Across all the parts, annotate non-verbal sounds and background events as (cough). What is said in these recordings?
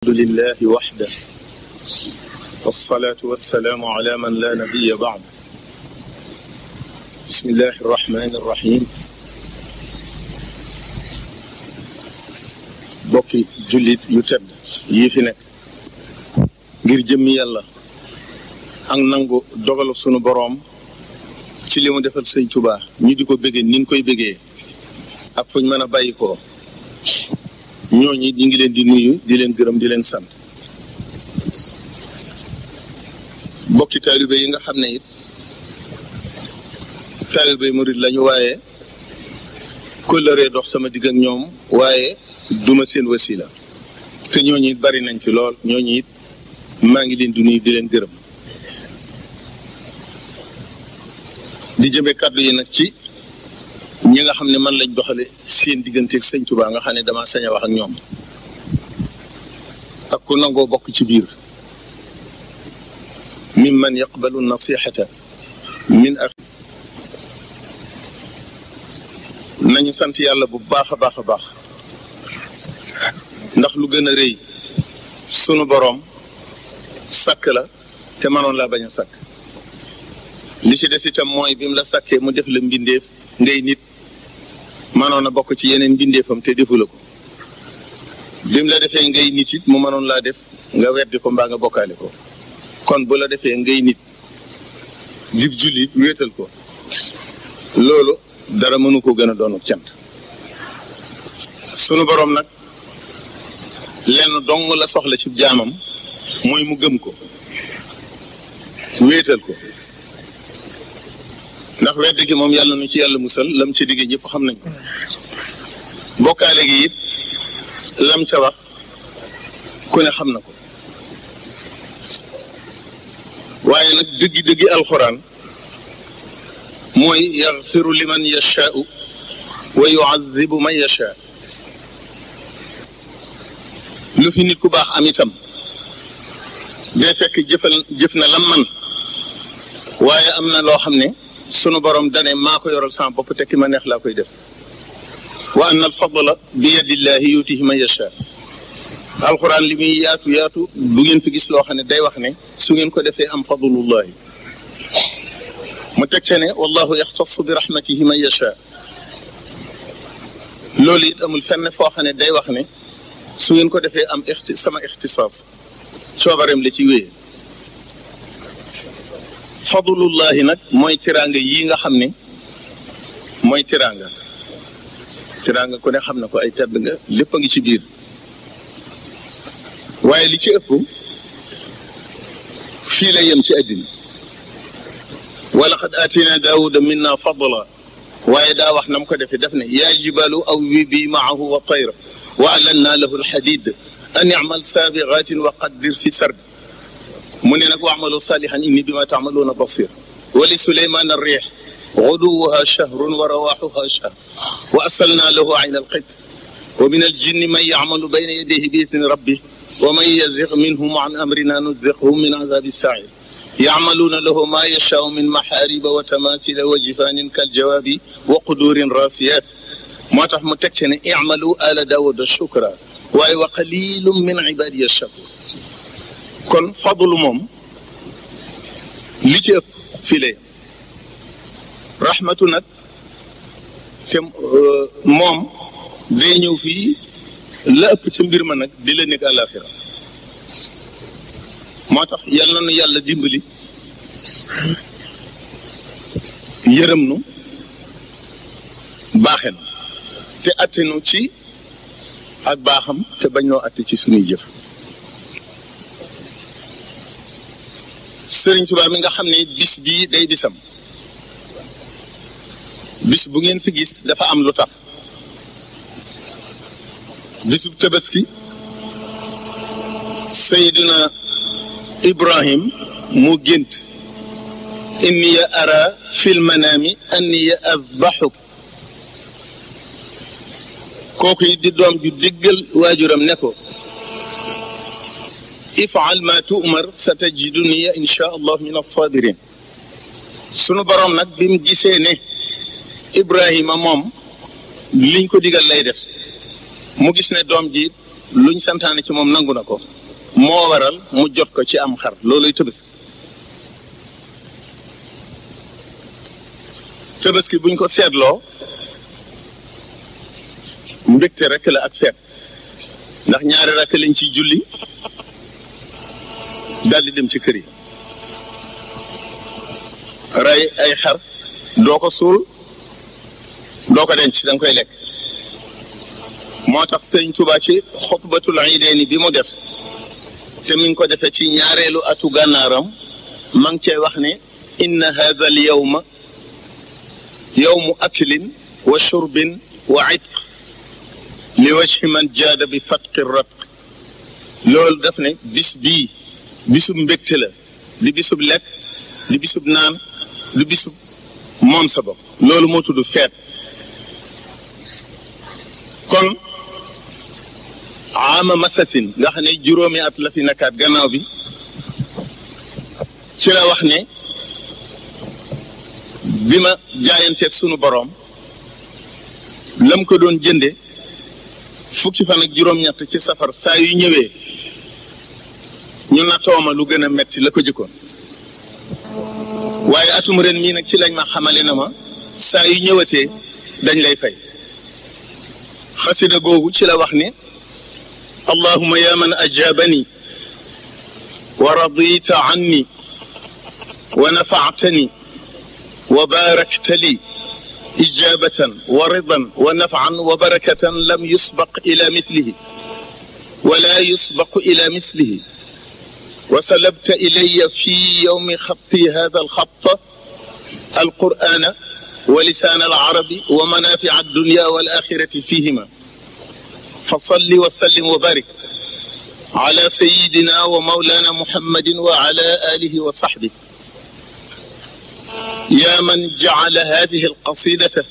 الحمد لله وحده والصلاة والسلام على من لا نبي بعد بسم الله الرحمن الرحيم bokki jullit yu tedd yii fi nekk ngir jëmmi yàlla ak nangu dogalu sunu boroom ci li mu defal sëñ Tuubaa ñu di ko bëggee ni ñu koy bëggee ak fuñ mën a bàyyi ko ñooñi ñu ngi leen di nuyu di leen gërëm di leen sant bokki taalibe yi nga xam ne it taalibe murid lañu waaye kóllëree dox sama digg ak ñoom waaye duma seen wasila te ñooñu it bari nañ ci lool ñooñu it maa ngi leen di nuyu di leen gërëm di jëme kàddu yi nag ci ñi nga xam ne man lañ doxale seen digganteeg sëñ Touba nga xam ne dama sañ a wax ak ñoom ak ku nangoo bokk ci biir mi man yaqbalu nasihata min ak nañu sant yàlla bu baax a baax a baax ndax lu gën a rëy sunu boroom sakk la te mënoon laa bañ a sakk li ci des tam mooy bi la sakkee mu def la mbindeef ngay nit manoon a bokk ci yeneen mbindeefam te defu la ko bi mu la defee ngay nit it mu mënoon laa def nga weddi ko mbaa nga bokkaale ko kon bu la defee ngay nit jib jullit wéetal ko loolu dara mënu ko gën a doonu cant sunu boroom nag lenn dong la soxla ci jaamam mooy mu gëm ko wéetal ko ndax weddi gi moom yàlla nu ci yàlla musal lam ci digge ñëpp xam nañ ko bokkaale gi it lam ca wax ku xam na ko waaye nag dëggi-dëggi alxuraan mooy yaxfiru liman yashaau wa yuazibu man yashaa lu fi nit ku baax am itam day fekk jëf na lam man waaye am na loo xam ne sunu borom dane maa ko yoral sama bopp te ki ma neex laa koy def wa anna al fadla bi yadillahi yutihi man yasha alquran li muy yaatu yatu du ngeen fi gis loo xam ne day wax ne su ngeen ko defee am fadlullahi mu teg te ne wallahu yaxtasu bi rahmatihi man yasha loolu it amul fenn foo xam ne day wax ne su ngeen ko defee am ixti sama ixtisaas coobareem la ci wéyee fadlullahi nag mooy tiraanga yii nga xam ne mooy tiraanga tiraanga ku ne xam na ko ay tedd nga lépp a ngi ci biir waaye li ci ëpp fii la yem ci àddina wala xad aatina daawuda minna fadla waaye daa wax na mu ko defee def ne yaa jibalu awwi bi maahu wa tayra wa alanna lahu alxadid an icmal saabigaatin wa qaddir fi sard mu ne nag waamalu salihan inni bima taamaluuna basir wali suleymaan arriix guduwuha shahrun wa rawaaxuha shahr wa asalna lahu ayn alqitr wa min aljinni man yaamalu bayna yadayhi bi idni rabbi wa man yaziq minhum an amrina nudiqhu min azabi sair yaamaluuna lahu ma yashaau min maxaariba wa tamaasila wa jifaanin kaljawaabi wa quduurin raasiyaat moo tax mu teg ci ne imalu ala daawuda shukra waaye wa qalilum min ibaadiya shakur kon fadlu moom li ci ëpp fii la nag te euh, moom day ñëw fii la ëpp ci mbir ma nag di la nekk àllaaxira moo tax yal nu yàlla dimbali yërëm nu baaxe na te atte nu ci ak baaxam te bañ noo atte ci sunuy jëf sëriñ Tuubaa mi nga xam ne bis bii day bisam bis bu ngeen fi gis dafa am lu tax bisub tabaski Seydina Ibrahim mu gént inni ya ara fil manaami anni ya azbaxuk kooku yi di doom ju diggal waajuram ne ko ifal ma tu'mar sa tajiduni insha allah min as-sabirin sunu boroom nag bi mu gisee ne ibrahima moom liñ ko digal lay def mu gis ne doom ji luñ santaane ci moom nangu na ko moo waral mu jot ko ci am xar looluy tëbaski tëbaski buñ ko seetloo mbégte rek la ak feet ndax ñaare rakk lañ ciy julli daal di dem ci kër yi rey ay xar doo ko suul doo ko denc da nga koy lekk moo tax sëñ Tuubaa ci xutbatul iideeni bi mu def te mi ko defee ci ñaareelu atu gànnaaram ma ngi cay wax ne inna haada al yawma yawmu aklin wa shurbin wa itq li wajhi man jaada bi fatqi rabq loolu def ne bis bii bisu mbégte la bisu bisub lekk di bisub naan lu bisu moom sa loolu moo tudd feet kon ama masasin nga xam ne juróomi at la fi nekkaat gannaaw bi ci la wax ne bi ma jaayanteeg sunu boroom lam ko doon jënde fukki fan ak juróom-ñett ci safar saa yu ñëwee ñu nattoo ma lu gën a metti la ko jëkkoon waaye atum ren mii nag ci lañ ma xamale na ma saa yu ñëwatee dañ lay fay xasida googu ci la wax ne allahuma ya man ajabani wa radita anni wa nafaatani wa baarakta li ijaabatan wa ridan wa nafan wa barakatan lam yusbaq ila mislihi wala yusbaqu ila mislihi وسلبت إلي في يوم خطي هذا الخط القرآن ولسان العرب ومنافع الدنيا والآخرة فيهما فصل وسلم وبارك على سيدنا ومولانا محمد وعلى آله وصحبه يا من جعل هذه القصيدة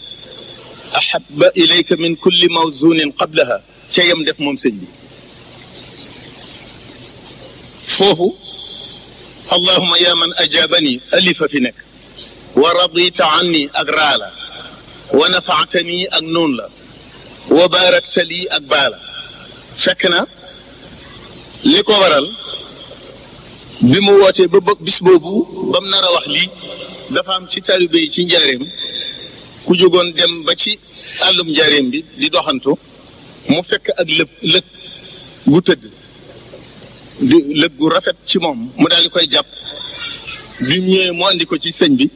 أحب إليك من كل موزون قبلها شيء يمدف ممسجي foofu allahuma ya man ajabani alifa fi nekk wa radita anni ak raa wa nafaatani ak noon la wa baarakta lii ak baa fekk na li ko waral bi mu wootee ba bëgg bis boobu ba mu nar a wax lii dafa am ci taalibe ci njaareem ku jógoon dem ba ci àllum njaareem bi di doxantu mu fekk ak lëpp gu tëdd di lëg gu rafet ci moom mu daal di koy jàpp bi mu ñëwee mu andi ko ci sëñ bi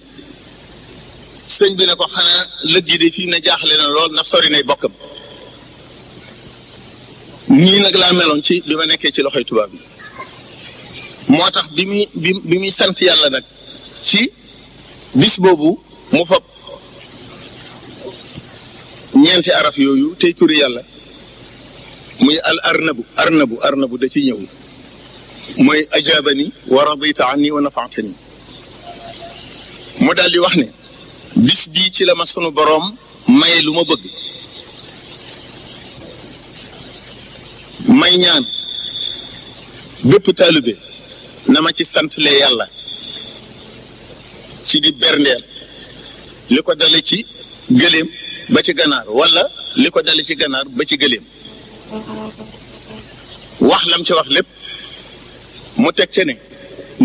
sëñ bi ne ko xanaa lëg yi di fii ne jaaxle na lool na sori nay bokkam nii nag laa meloon ci bi ma nekkee ci loxoy tubaab bi moo tax bi muy bi muy sant yàlla nag ci bis boobu mu fab ñeenti araf yooyu tey turi yàlla muy al arnabu arnabu arnabu da ci ñëw mooy ajaabani wa radita anni wa nafaatani mu daal wax ne bis bii ci la ma sunu boroom maye lu ma bëgg may ñaan bépp taalibe na ma ci santle yàlla ci di berndeel li ko dale ci gëléem ba ci ganaar walla li ko dale ci ganaar ba ci gëléem wax lam ci wax lépp mu teg ca ne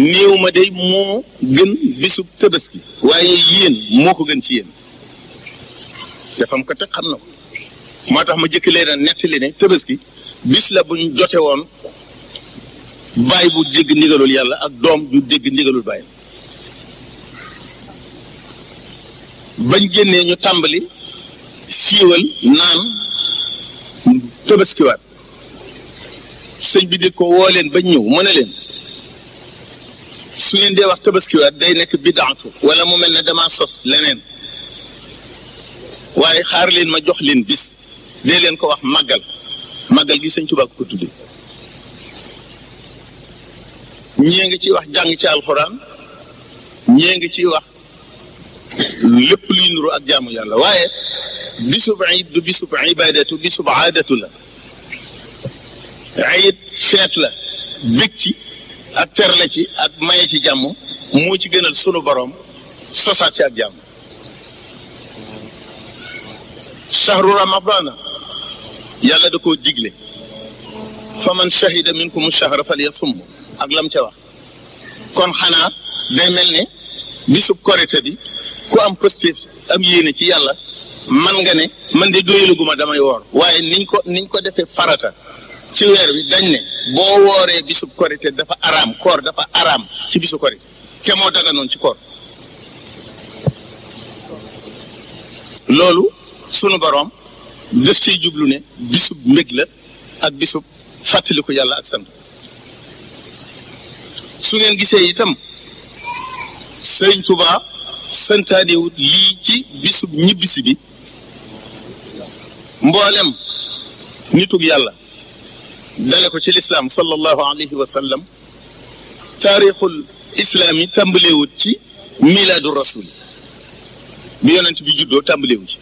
néew ma day moo gën bisub tabaski waaye yéen moo ko gën ci yéen dafa am ko teg xam na ko moo tax ma jëkk leen a nettali ne tabaski bis la buñ jote woon baay bu dégg ndigalul yàlla ak doom ju dégg ndigalul baay bañ génnee ñu tàmbali siiwal naan tabaskiwaat sëñ bi di ko woo leen ba ñëw mën a leen su ngeen dee wax tabaskiwaat day nekk bidaatu wala mu mel na dama sos leneen waaye xaar leen ma jox leen bis dee leen ko wax màggal màggal gi sëñ Tuubaa ko tudde ñii ngi ciy wax jàng ci alxuraan ñii ngi ciy wax lépp luy nuru ak jaamu yàlla waaye bisub iid du bisub ibadatu bisub aadatu la ayit feet la bég ci ak terle ci ak maye ci jàmm moo ci gënal sunu boroom sosaat ci ak jàmm shahru ramadana yàlla da koo digle fa man shahida minkum shahra falyasum ak lam ca wax kon xanaa day mel ne bisub korite bi ku am positif am yéene ci yàlla man nga ne man de doyalaguma damay woor waaye niñ ko niñ ko defee farata ci weer wi dañ ne boo wooree bisub korite dafa araam koor dafa araam ci bisu korite te moo daganoon ci koor loolu sunu boroom def ciy jublu ne bisub mbég la ak bisub fàttaliku yàlla ak sant su ngeen gisee itam sëñ Tuba santaanewut lii ci bisub ñibbisi bi mboolem nitug yàlla dale ko ci lislaam sallallahu alayhi wa sallam taarixul islaam yi tàmbalewut ci milaadu rasul bi yonent bi juddoo tàmbalewu ci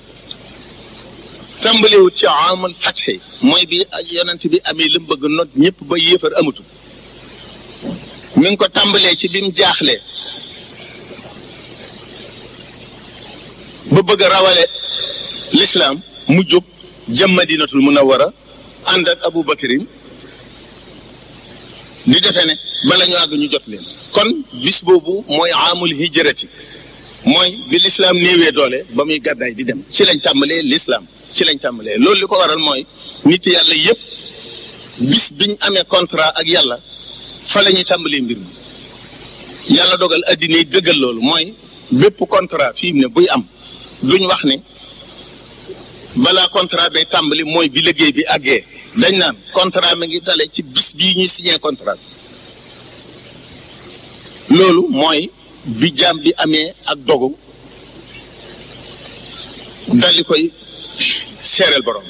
tàmbalewu ci aamul fatxe mooy bi yonent bi amee lim bëgg not ñëpp ba yéefar amatu mi ngi ko tàmbalee ci bim jaaxlee ba bëgg a rawale lislaam mu jóg jëm madinatul munawara ànd ak Abu Bakrin ñu defee ne bala ñu àgg ñu jot leen kon bis boobu mooy amul hijrati mooy bi lislaam néewee doole ba muy gàddaay di dem ci lañ tàmbalee lislaam ci lañ tàmbalee loolu li ko waral mooy nit yàlla yépp bis biñ amee contrat ak yàlla fa la ñuy tàmbalee mbir mi yàlla dogal addina yi dëggal loolu mooy bépp contrat fii mu ne buy am duñ wax ne balaa contrat bay tàmbali mooy bi liggéey bi àggee dañ naan contrat mi ngi dale ci bis bii ñuy signé contrat loolu mooy bi jaam bi amee ak dogu daldi koy seereel borom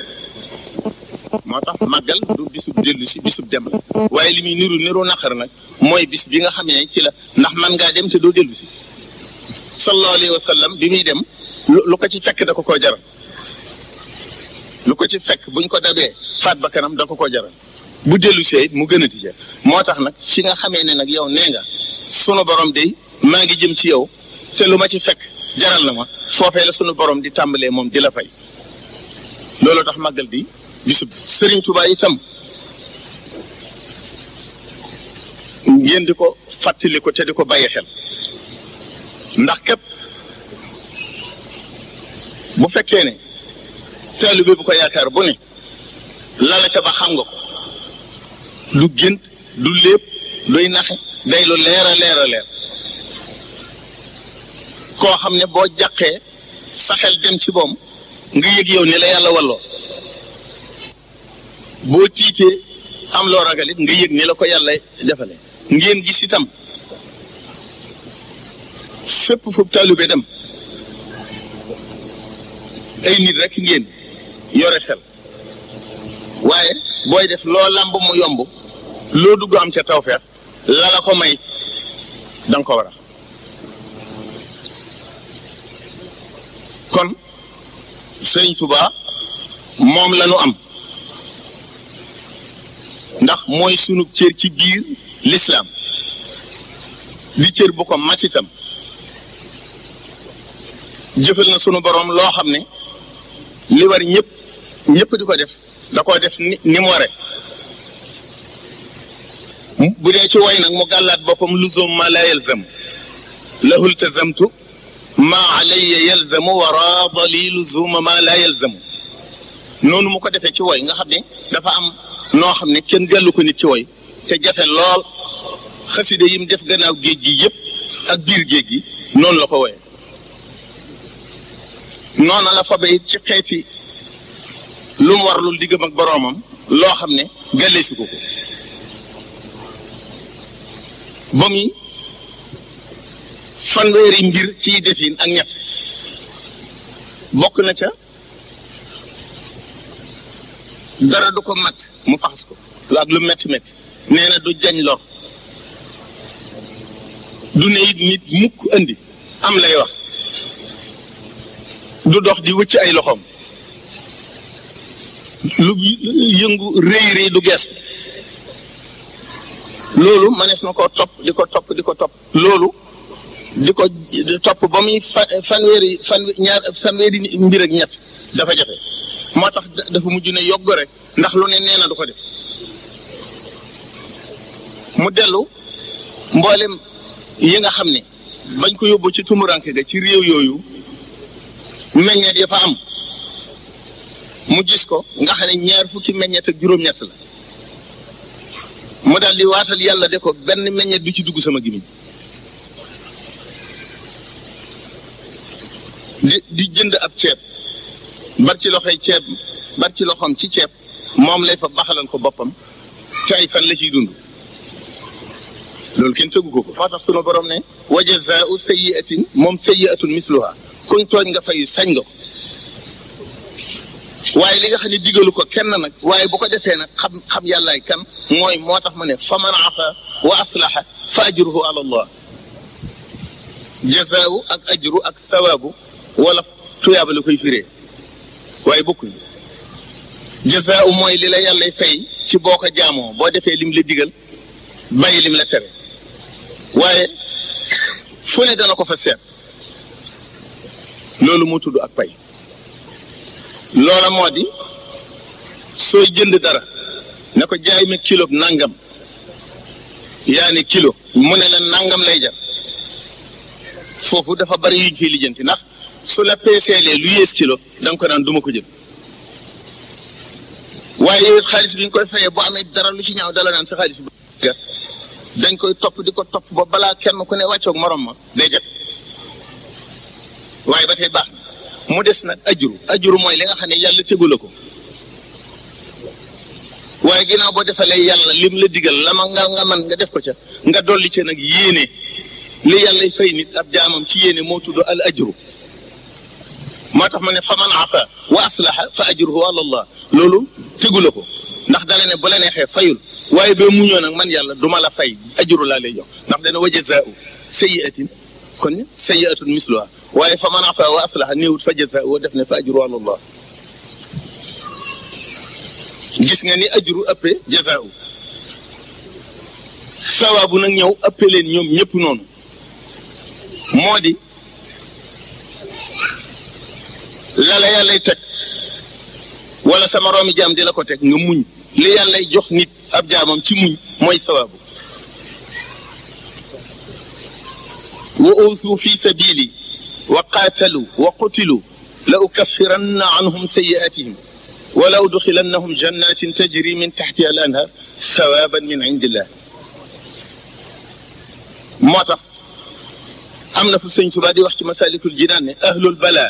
moo tax màggal du bisub dellu si bisub dem la waaye li muy niru niru naqar nag mooy bis bi nga xamee ci la ndax man ngaa dem te doo dellusi si sallallahu alayhi bi muy dem lu ko ci fekk da ko koo jaral lu ko ci fekk buñ ko dabee faat ba kanam da ko ko jaral bu dellu see mu gën a tije moo tax nag fi nga xamee ne nag yow nee nga sunu borom de maa ngi jëm ci yow te lu ma ci fekk jaral na ma foofee la sunu borom di tàmbalee moom di la fay loolu tax màggal di bisub Sëriñ Tuubaa itam ngeen di ko fàttali ko te di ko bàyyi xel ndax képp bu fekkee ne. taalibe bu ko yakaar bu ne lala ca ba xam nga ko lu gént du lépp luy naxe day lu leer a leer a leer koo xam ne boo jàqee sa xel dem ci boom nga yëg yow ni la yàlla walloo boo tiitee am loo ragalit nga yëg ni la ko yàlla defale ngeen gis itam fépp fu taalibe dem ay nit rek ngeen yore xel waaye booy def loo làmb mu yomb loo dugg am ca tawfeex la la ko may danga ko war a kon sëriñ Tuubaa moom la ñu am ndax mooy sunu cër ci biir lislaam di cër bu ko màcc itam jëfal na sunu boroom loo xam ne li war ñëpp ñëpp di ko def da koo def ni mu bu dee ci woy nag mu gàllaat boppam luzum ma la yalzam lahul tazamtu ma alayya yalzamu wa raada li luzuma ma la yalzamu noonu mu ko defee ci woy nga xam ne dafa am noo xam ni kenn dellu ko nit ci woy te jafe lool xaside yi mu def gannaaw géej gi yëpp ak biir géej gi noonu la ko woyee noonu la fa bay ci xeeti lu mu war lu diggam ak boroomam loo xam ne gàlleesi ko ko ba muy fanweeri mbir ciy defin ak ñett bokk na ca dara du ko mat mu faxas ko lu ak lu metti metti nee na du jañ lor du ne it nit mukk andi am lay wax du dox di wëcc ay loxoom lu yëngu rëy rëy du gees loolu manees na koo topp di ko topp di ko topp loolu di ko topp ba muy fanweeri fan ñaar fanweeri mbir ak ñett dafa jafe moo tax dafa mujj ne yogg rek ndax lu ne nee na du ko def mu dellu mboolem yi nga xam ni bañ ko yóbbu ci tumuraanke ga ci réew yooyu meññeet ya fa am mu gis ko nga xam ne ñaar fukki meññet ak juróom-ñett la mu daal di waatal yàlla de ko benn meññet du ci dugg sama gimiñ di di jënd ab ceeb bar ci loxoy ceeb bar ci loxoom ci ceeb moom lay fa baxalal ko boppam te fan la ciy dund loolu kenn tëggu ko ko moo tax sunu borom ne wa jazaau sayiatin moom sayiatun misluha kuñ tooñ nga fayu sañ nga ko waaye li nga xam ne digalu ko kenn nag waaye bu ko defee nag xam xam yàllaay kan mooy moo tax ma ne fa man afa wa aslaha fa ajruhu ala allah jazaawu ak ajru ak sawaabu wala tuyaaba la koy firee waaye bokkuñ jazaawu mooy li la yàllay fay ci boo ko jaamoo boo defee lim la digal bàyyi lim la tere waaye fu ne dana ko fa seet loolu moo tudd ak pay loola moo di sooy jënd dara ne ko jaay ma kilo nangam yaa ne kilo mu ne la nangam lay jar foofu dafa bari yuñ fiy lijjanti ndax su la peeseelee lu yées kilo da ko naan duma ko jël waaye xaalis bi ñu koy fayee boo amee dara lu ci ñaaw dala naan sa xaalis bi dañ koy topp di ko topp ba balaa kenn ku ne wàccook morom ma day jot waaye ba tey baax mu des nag ajuru ajuru mooy li nga xam ne yàlla tegu la ko waaye ginnaaw boo defalee yàlla lim la digal la ma nga nga man nga def ko ca nga dolli ci nag yéene li yàlla fay nit ab jaamam ci yéene moo tudd al ajru moo tax ma ne fa man afa wa aslaha fa ajruhu ala allah loolu tegu la ko ndax dala ne bu la neexee fayul waaye boo muñoo nag man yàlla duma la fay ajuru laa lay jox ndax dana wa jazaau sayiatin kon sayiatun misluha waaye fa man afa wa aslaha néewut fa jaza woo def ne fa ajruanullah gis nga ni ajru ëppe jaza sawabu sawaabu nag ñëw ëppe leen ñoom ñëpp noonu moo di la la yàllay teg wala sama roomi jaam di la ko teg nga muñ li yàllay jox nit ab jaamam ci muñ mooy sawaabu wa usu fi sabili wa qaatalu wa qutilu la ukaffiranna anhum sayyi'atihim wa la udxilannahum jannatin tajri min taxtiha al anhar sawaban min indillah moo tax am na fu sëñ Tuubaa di wax ci masalikul jinaan ne ahlul bala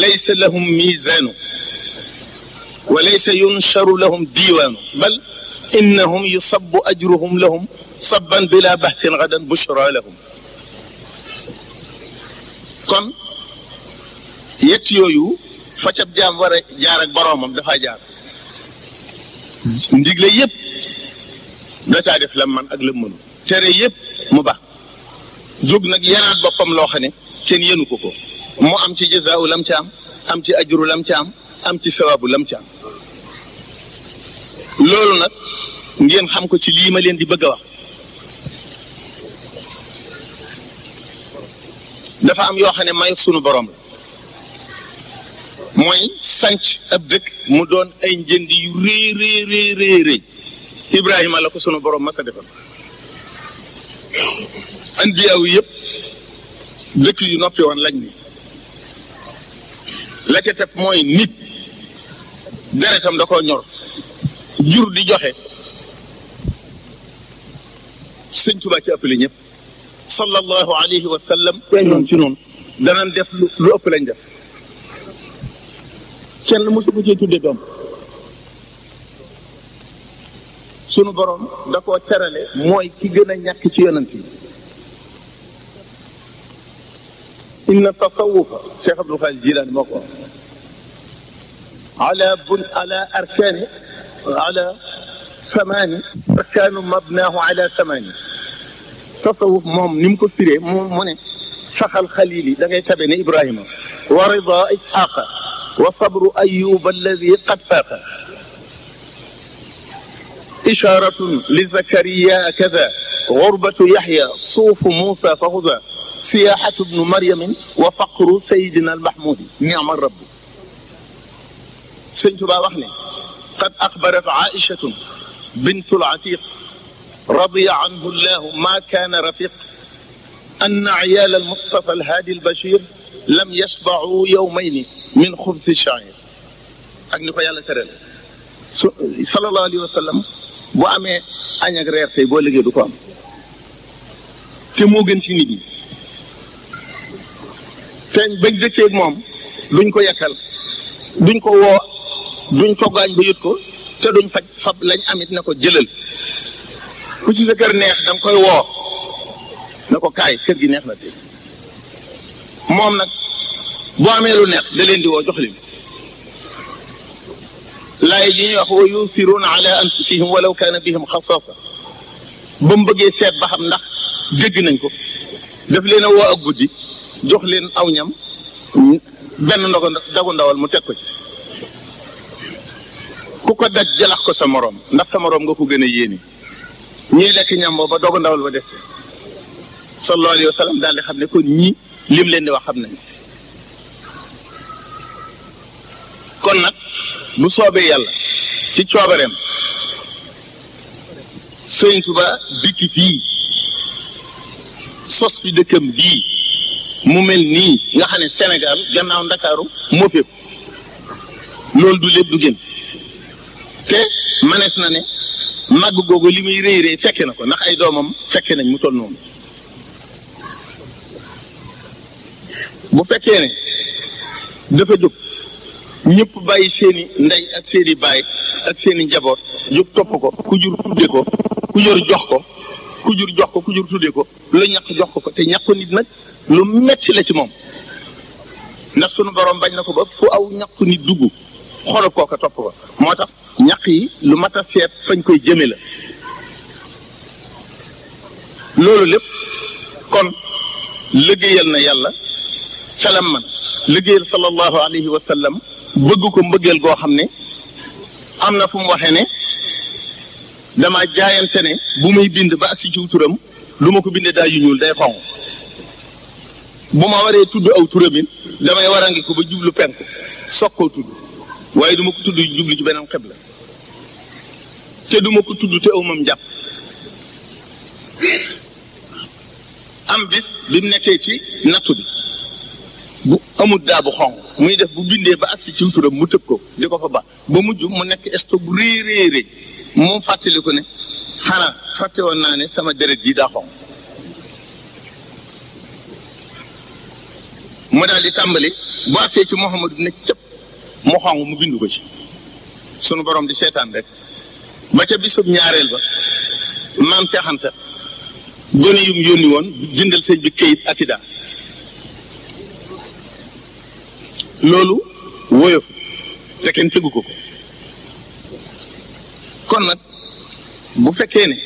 laysa lahum miizaanu wa laysa yunsharu lahum diiwaanu bal innahum yusabu ajruhum lahum sabban bila bahsin gadan bushra lahum kon yett yooyu facab jaam war jaar ak boroomam dafa jaar ndigle yépp da def lam man ak lam mënu tere yëpp mu ba jóg nag yaraat boppam loo xam ne kenn yenu ko ko mu am ci jazaawu lam ca am am ci ajuru lam ca am am ci sawaabu lam ca am loolu nag ngeen xam ko ci lii ma leen di bëgg a wax dafa am yoo xam ne mayu sunu borom mooy sanc ab dëkk mu doon ay njënd yu rëy rëy Ibrahima la ko sunu borom mas defal defal anbiyaaw yëpp dëkk yu noppi woon lañ ni la ca mooy nit deretam da koo ñor jur di joxe sëñ Tuubaa ci ëppale ñëpp. sallallahu alayhi wa sallam feeñoon ci noonu danañ def lu ëpp lañ def kenn mosu ko cee tudde doom sunu borom da koo terale mooy ki gën a ñàkk ci yonent yi inna tasawufa cheikh abdul xaadir jilaani moo ko ala bun ala arkaani ala samaani arkaanu mabnaahu ala samaani tasawuf moom ni mu ko firee moom mu ne saxal xalil yi da ngay tabe ne ibrahima wa rida isxaqa wa sabru ayuba alladi qad faaqa isharatun li zakariya kada gurbatu yaxya suufu muusa fa huda siyaaxatu bnu maryamin wa faqru sayidina almahmudi niama rabbu sëñ tubaa wax ne qad axbarat aichatun bintu latiq رضي عنه الله ما كان رفيق أن عيال المصطفى الهادي البشير لم يشبعوا يومين من خبز الشعير ak ni ko yàlla tëral su sallallahu alayhi wa sallam bu amee añ ak reer tey boo liggéey du ko am te moo gën ci nit ñi te bañ dëkkeeg moom duñ ko yekkal duñ ko woo duñ ko gaañ ba yut ko te duñ faj fab lañ amit ne ko jëlal ku ci sa kër neex danga koy woo na ko kaay kër gi neex na tey moom nag boo amee lu neex da leen di woo jox leen laay ji ñuy wax wa yusiruuna ala anfusihim walaw kaana bihim xasaasa ba mu bëggee seet ba xam ndax dégg nañ ko daf leen a woo ak guddi jox leen aw ñam benn ndogu dagu ndawal mu teg ko ci ku ko daj jalax ko sa moroom ndax sa moroom nga ko gën a yéene ñuy lekk ñam ba doog ndawal ba des sallallahu alayhi wa sallam daal xam ne kon ñi lim leen di wax xam nañ kon nag bu soobee yàlla ci coobareem Sëriñ Tuba dikki fii sos fi dëkkam bii mu mel nii nga xam ne Sénégal gannaaw Ndakaaru moo fépp du lépp du gën te manees na ne màgg googu li muy réy réy fekke na ko ndax ay doomam fekke nañ mu toll noonu bu fekkee ne dafa jóg ñëpp bàyyi seeni ndey ak seeni baay ak seeni njaboot jóg topp ko ku jur tudde ko ku jur jox ko kujur jox ko ku jur tudde ko lu ñàkk jox ko ko te ñàkku nit nag lu metti la ci moom ndax sunu borom bañ na ko ba fu aw ñàkku nit dugg xolub kooka topp ko moo tax ñax yi lu mat a seet fañ koy jëme la loolu lépp kon liggéeyal na yàlla calam man liggéeyal sallallahu alayhi wa bëgg ko mbëggeel goo xam ne am na fu mu waxee ne dama jaayante ne bu muy bind ba ak si ciw turam lu ma ko bindee daa ñuul day xonq bu ma waree tudd aw turam it damay warangi ko ba jublu penk soog koo tudd waaye duma ko tudd jublu ci beneen xeb la te duma ko tudd te awmam jàpp am bis bi nekkee ci nattu bi bu amul daa bu xonq muy def bu bindee ba agsi ci turam mu tëb ko di ko fa ba ba mujj mu nekk stock bu rëy moom fàttali ko ne xanaa fàtte woon naa ne sama deret ji daa xonq mu daal di tàmbali bu agsee ci Mouhamadou ne cëpp mu xonq mu bind ko ci sunu borom di seetaan rek ba ca bisub ñaareel ba maam Cheikh Anta gone yum yónni woon jëndal sëñ bi këyit akida loolu woyof te kenn tegu ko ko kon nag bu fekkee ne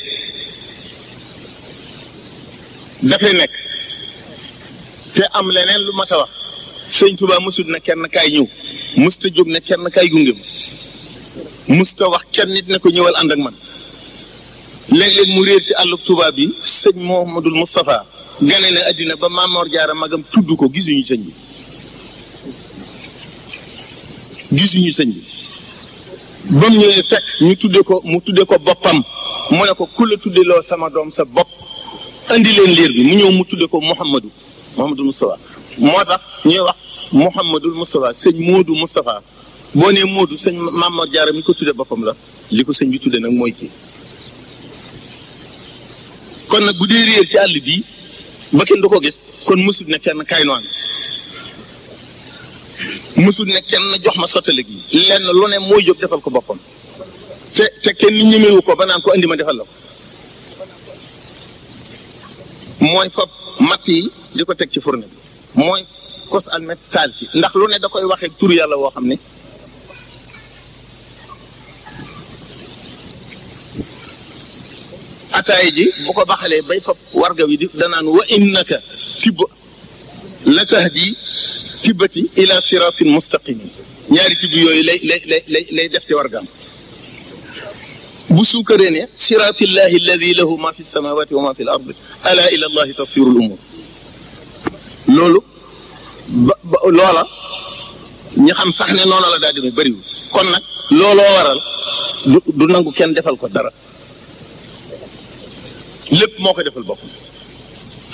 dafay nekk te am leneen lu mat a wax sëñ Tuubaa mësut na kenn kaay ñëw mësta jóg na kenn kaay gunge musta wax kenn nit ne ko ñëwal ànd ak man léeg-léeg mu réer ci àllub tubaab bi sëñ Mouhamadul Moustapha gane na àddina ba Mamor Jaara magam tudd ko gisuñu sëñ bi gisuñu sëñ bi ba mu ñëwee fekk ñu tudde ko mu tudde ko boppam mu ne ko ku la tudde loo sama doom sa bopp indi leen liir bi mu ñëw mu tudde ko Mouhamadou Mouhamadul Moustapha moo tax ñuy wax Mouhamadul Moustapha sëñ Moodu Moustapha boo nee Moodu sëñ Maam Mor Jaara mi ko tuddee boppam la li ko sëñ bi tuddee nag mooy kii kon nag bu dee réer ci àll bi ba kenn du ko gis kon mësul ne kenn kaay noonu mësul ne kenn jox ma sottale yi lenn lu ne mooy jóg defal ko boppam te kenn ñemewu ko ba naan ko indi ma defal la ko mooy fab matt yi di ko teg ci fourne bi mooy kos almet taal ci ndax lu ne da koy waxee tur yàlla woo xam ne ataay ji bu ko baxalee bay fab warga wi di danaan wa innaka tibb la tahdi tibbati ila siratin mustaqim ñaari tibb yooyu lay lay lay def ci wargaam bu suukaree ne siratillahi alladi lahu ma fi samawati wa ma fi l ard ala loolu loola ñi xam sax ne noonu la daal di bëriwul kon nag looloo waral du nangu kenn defal ko dara lépp moo ko defal bopp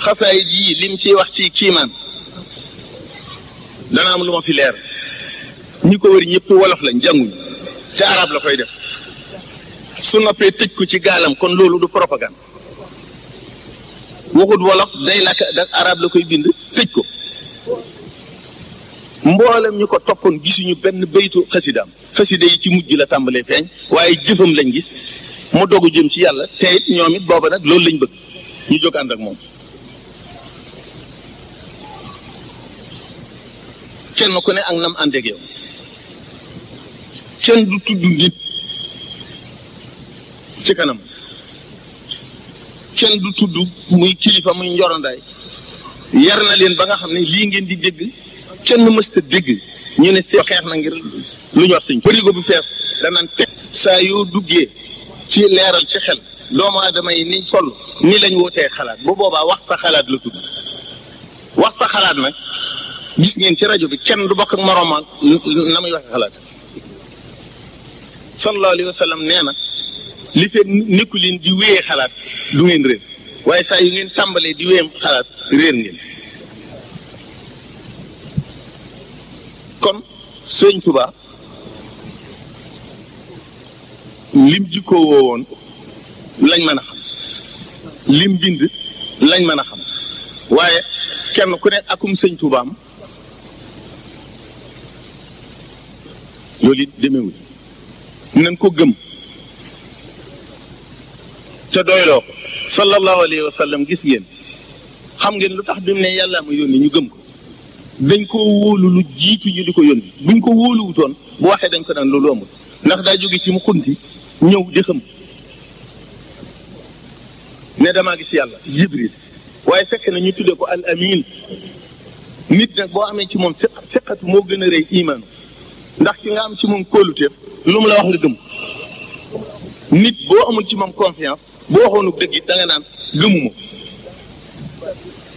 xasaay jii lim ciy wax ci kiimaan dana am lu ma fi leer ñi ko wër ñépp wolof lañ jànguñ te arab la koy def su noppee tëj ko ci gaalam kon loolu du propagande waxut wolof day làkk dak la koy bind tëj ko mboolem ñu ko toppoon gisuñu benn baytu xasidaam xasida yi ci mujj la tàmbalee feeñ waaye jëfam lañ gis mu dogu jëm ci yàlla te it ñoom it booba nag loolu lañ bëgg ñu jóg ànd ak moom kenn ku ne ak nam àndeeg yow kenn du tudd nit ci kanam kenn du tudd muy kilifa muy njorondaay yar na leen ba nga xam ne lii ngeen di dégg kenn mësta dégg ñu ne si xeex na ngir lu ñu wax sëñ bërigo bu fees danaan teg saa yoo duggee ci leeral ci xel doomu aadama yi ni toll ni lañ wootee xalaat bu boobaa wax sa xalaat la tudd wax sa xalaat nag gis ngeen ci rajo bi kenn du bokk ak moromal na muy waxee xalaat sallallahu alayhi nee na li fekk nekku leen di xalaat du ngeen waaye saa yu ngeen tàmbalee di wéyam xalaat réer ngeen kon sëñ tubaa lim jikkoo woo woon lañ mën a xam lim bind lañ mën a xam waaye kenn ku ne akum sëñ tubaam loolu it nañ ko gëm te doyloo ko sallallahu alayhi wa sallam gis ngeen xam ngeen lu tax bi mu ne yàlla ma yónni ñu gëm ko dañ ko wóolu lu jiitu ñu di ko yónni buñ ko wóoluwutoon bu waxee dañ ko daan lu amul ndax daa jóge ci mu xunti ñëw di xam ne damaa gis yàlla jibril waaye fekk na ñu tuddee ko al amin nit nag boo amee ci moom seq seqatu moo gën a rëy imaanu ndax ki nga am ci moom kóoluteef lu mu la wax nga gëm nit boo amul ci moom confiance boo waxoonu dëgg it da nga naan gëmuma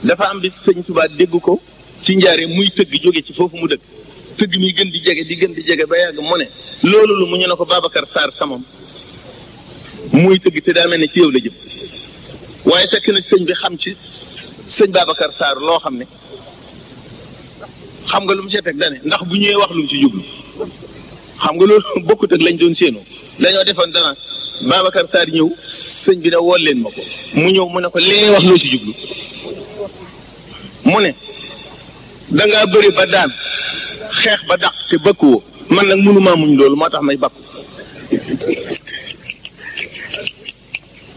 dafa am bis sëñ Tuubaa dégg ko ci njaar yi muy tëgg jóge ci foofu mu dëkk tëgg mi gën di jege di gën di jege ba yàgg mu ne loolu lu mu ñu ne ko Babacar Sarr samam muy tëgg te daa mel ne ci yow la jëm waaye fekk na sëñ bi xam ci sëñ Babacar Sarr loo xam ne xam nga lu mu see teg dane ndax bu ñëwee wax lu ci jublu xam nga loolu (laughs) bokkut ak lañ doon séenoo dañoo defoon dana Babacar Sarr ñëw sëñ bi ne woo leen ma ko mu ñëw mu ne ko lee wax loo ci jublu mu ne dangaa bari ba daan xeex ba daq te bëkk woo man nag mënumaa muñ loolu moo tax may bakku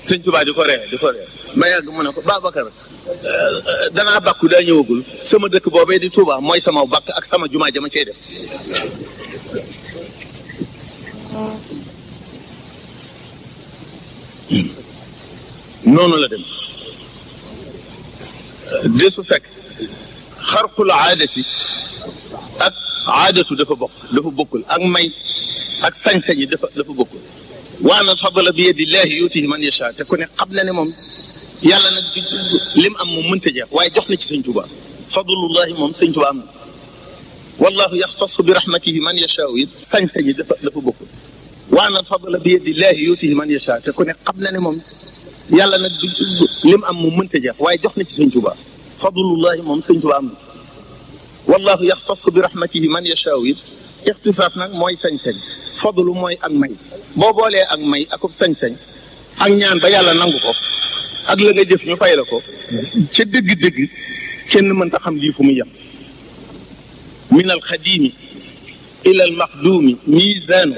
sëñ Tuubaa di ko ree di ko ree ma yàgg mu ne ko Babacar euh, danaa bàkku daa ñëwagul sama dëkk boobee di Tuubaa mooy sama bàkk ak sama jumaa jama cay def hmm. noonu la dem de su fekk xarqul aadati ak aadatu dafa bokk dafa bokkul ak may ak sañ-sañ yi dafa dafa wa anna al-fadla bi yadi llahi yuutihi man yasha te ku ne xam na ne moom yàlla nag li mu am moom mënta jeex waaye jox na ci sëñ Tuubaa fadlullahi moom sëñ Tuubaa am na wallahu yaxtasu bi rahmatihi man yashaau it sañ-sañ yi dafa dafa bokk wa anna al-fadla bi yadi llahi yuutihi man yasha te ku ne xam na ne moom yàlla nag li mu am moom mënta jeex waaye jox na ci sëñ Tuubaa fadlullahi moom sëñ Tuubaa am na wallahu yaxtasu bi rahmatihi man yashaau it ixtisaas nag mooy sañ-sañ fadlu mooy ak may boo boolee ak may akub sañ-sañ ak ñaan ba yàlla nangu ko ak la nga jëf ñu fay la ko ca dëgg-dëgg kenn mënta xam lii fu mu yem min alxadimi ila almaxduumi misaanu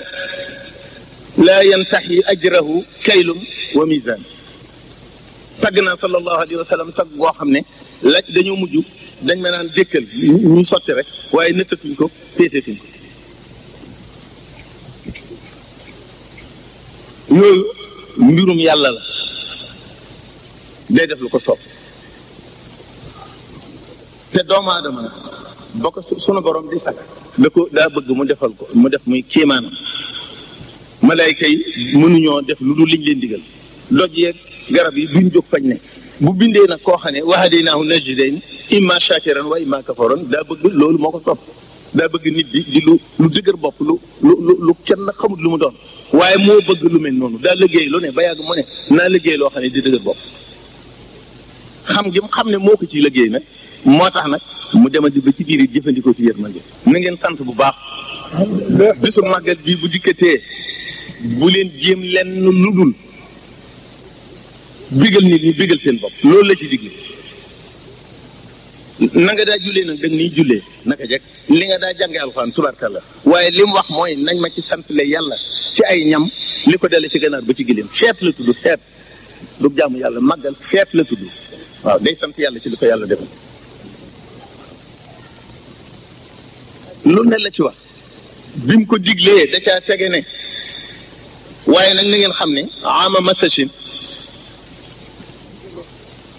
laa yantaxi ajrahu kaylum wa misaan tagg naa sallallahu alayhi wa sallam tagg goo xam ne la dañoo mujj dañ ma naan dékkal ñu sotti rek waaye nëttatuñ ko péesetuñ ko yooyu mbirum yàlla la day def lu ko soob te doomu aadama nag ba ko sunu borom di sax da ko daa bëgg mu defal ko mu def muy kéemaanam malayka yi mënuñoo def lu dul liñ leen digal doj yeeg garab yi duñ jóg fañ ne bu bindee nag koo xam ne wahadaynaahu najdayn imma shakiran wa imma kafaron daa bëgg loolu moo ko soob daa bëgg nit bi di lu lu dëgër bopp lu lu lu kenn xamut lu mu doon waaye moo bëgg lu mel noonu daa liggéey lu ne ba yàgg mu ne naa liggéey loo xam ne di dëgër bopp xam gi xam ne moo ko ciy liggéey nag moo tax nag mu demati ba ci biir yi jëfandikoo ci yërmande na ngeen sant bu baax bisu màggal bi bu dikkatee bu leen jéem lenn lu dul bigal nit ñi biggal seen bopp loolu la ci digle na nga daa jullee nag da nga niy jullee naka jekk li nga daa jàngee alxuraan la waaye li mu wax mooy nañ ma ci santle yàlla ci ay ñam li ko dale ci ganaar ba ci giléem feet la tudd feet du jaamu yàlla màggal feet la tudd waaw day sant yàlla ci lu ko yàlla defal lu ne la ci wax bi mu ko diglee da caa tege ne waaye nag na ngeen xam ne ama masachin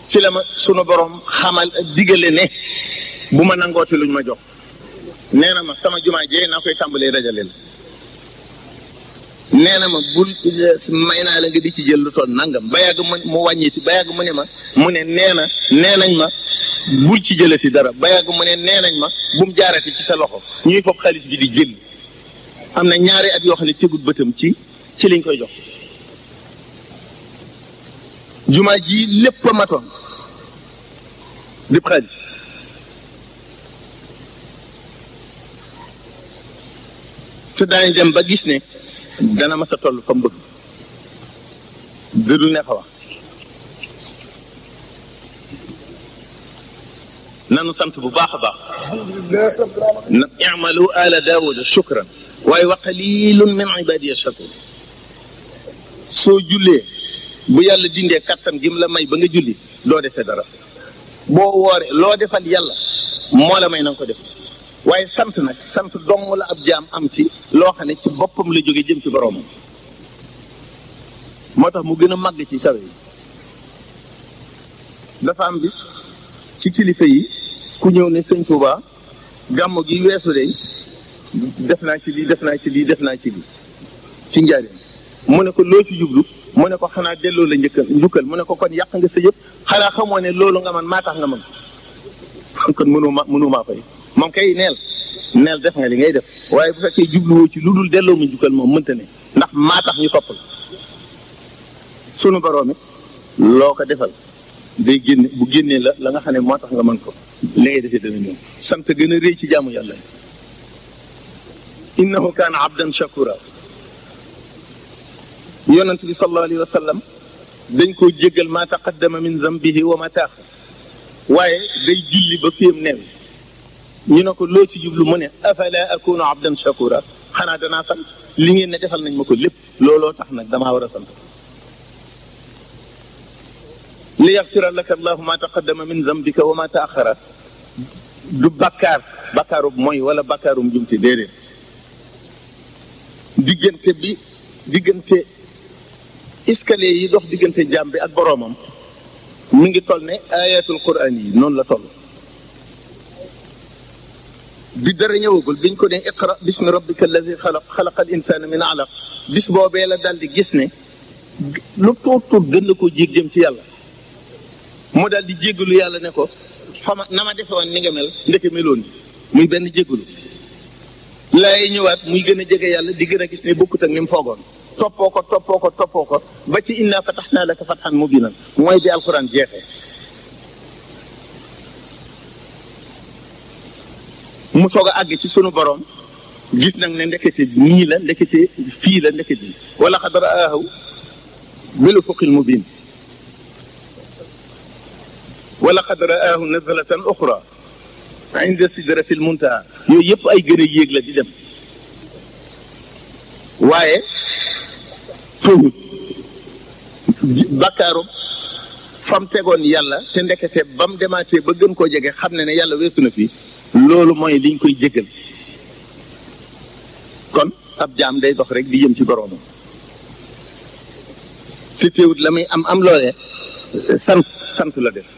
ci la ma sunu borom xamal digale ne bu ma nangooti luñ ma jox nee na ma sama jumaa jee naa koy tàmbalee dajaleel nee na ma bul may naa la nga di ci jël lu toll nangam ba yàgg mu wàññiti ba yàgg mu ne ma mu ne nee na nee nañ ma bul ci jëlati dara ba yàgg mu ne nee nañ ma bum jaarati ci sa loxo ñuy foog xaalis bi di génn am na ñaari at yoo xam ne tegul bëtam ci ci liñ koy jox jumaa ji lépp a matoon lépp xaalis te daañu dem ba gis ne dana mas a toll fa mbëgg dëdul ne fa wax nanu sant bu baax a baax na imalu ala daawuda shukran waaye wa qalilun min ibadiya shakur soo jullee bu yàlla dindee kàttan gi mu la may ba nga julli doo dese dara boo wooree loo defal yàlla moo la may na ko def waaye sant nag sant dong la ab jaam am ci loo xam ne ci boppam la jóge jëm ci boroomam moo tax mu gën a màgg ci kawe yi dafa am bis ci kilifa yi ku ñëw ne sëñ Touba gàmmu gi weesu de def naa ci lii def naa ci lii def naa ci lii mu ne ko loo ci jublu mu ne ko xanaa delloo la njëkkal njukkal mu ne ko kon yàq nga sa yëpp xanaa xamoo ne loolu nga man maa tax nga man (laughs) kon mënoo ma mënoo maa fay moom kay neel neel def nga li ngay def waaye bu fekkee jubluwoo ci lu delloo mu njukkal moom mënta ne ndax maa tax ñu topp sunu boroom loo ko defal day génne bu génnee la la nga xam ne moo tax nga mën ko li ngay defee dana ñëw sant gën a réy ci jaamu yàlla innahu kaana abdan shakura yonent bi sallallahu alayhi wa sallam dañ koo jéggal ma taqaddama min zambihi wa ma taaxar waaye day julli ba fiyam neew ñu ne ko loo ci jublu mu ne afala akunu abdan shakura xanaa danaa sant li ngeen ne defal nañ ma ko lépp looloo tax nag damaa war a sant li yaxfira laka allahu ma taqaddama min zambika wa ma taaxara du bakkaar bakkaarum mooy wala bakkaarum jumte déedéet diggante bi diggante escalier yi dox diggante jaam bi ak boroomam mi ngi toll ne ayatul quran yi noonu la toll bi dara ñëwagul biñ ko ne iqra bismi rabbika allazi xalaq xalaqal insaana min alaq bis boobee la daal di gis ne lu tuut tuut gën na koo jéeg jëm ci yàlla moo daldi di yàlla ne ko fama na ma defe ni nga mel ndeke meloon muy benn jéggalu laay ñëwaat muy gën a jege yàlla di gën a gis ne bokkut ak ni mu foogoon toppoo ko toppoo ko toppoo ko ba ci inna fataxnaa laka fatxan mubinan mooy bi alquran mu soog a àgg ci sunu borom gis nag ne ndekete nii la ndekete fii la ndekete wala xad raahu bil ufuqil mubin wala xad raahu nazlatan oxra inda sidratil muntaha yooyu yëpp ay gën a yéeg la di dem waaye tuub bakkaaru fam tegoon yàlla te ndekete ba mu demaatee ba gën koo jege xam ne ne yàlla weesu na fii loolu mooy liñ koy jéggal kon ab jaam day dox rek di jëm ci boroomam te la muy am am loolee sant sant la def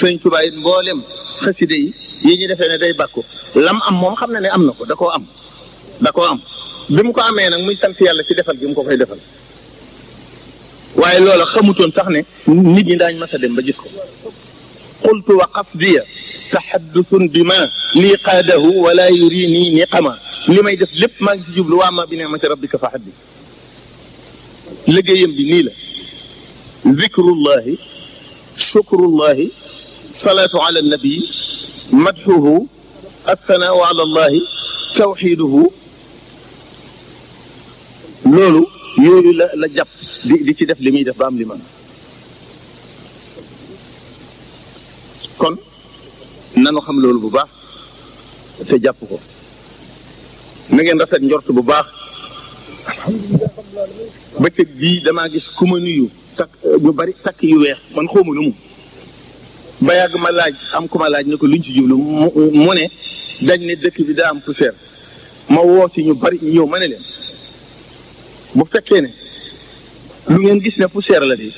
sëñ Tuubaa it mboolem xaside yi yi ñu defee ne day bàkku lam am moom xam na ne am na ko da koo am da koo am bi mu ko amee nag muy sant yàlla ci defal gi mu ko koy defal waaye loola xamutoon sax ne nit ñi daañ mas a dem ba gis ko qultu wa qasdiya taxaddusun bi ma lii qaadahu wala yuri nii niqama li may def lépp maa ngi si jublu waa ma bi ni'mati rabbika fa haddis liggéeyam bi nii la zikrullahi shukrullahi salaatu ala nabi madxuhu assanaaw ala allahi tawxiiduhu loolu yooyu la la jàpp di di ci def li muy def ba am li ma kon nanu xam loolu bu baax te jàpp ko na ngeen rafet njort bu baax bëccëg bii damaa gis ku ma nuyu takk ñu bari takk yu weex man xawma lu mu ba yàgg ma laaj am ku ma laaj ne ko luñ ci jublu mu ne dañ ne dëkk bi daa am poussière ma woo ci ñu bari ñëw ma ne leen bu fekkee ne lu ngeen gis ne poussière la di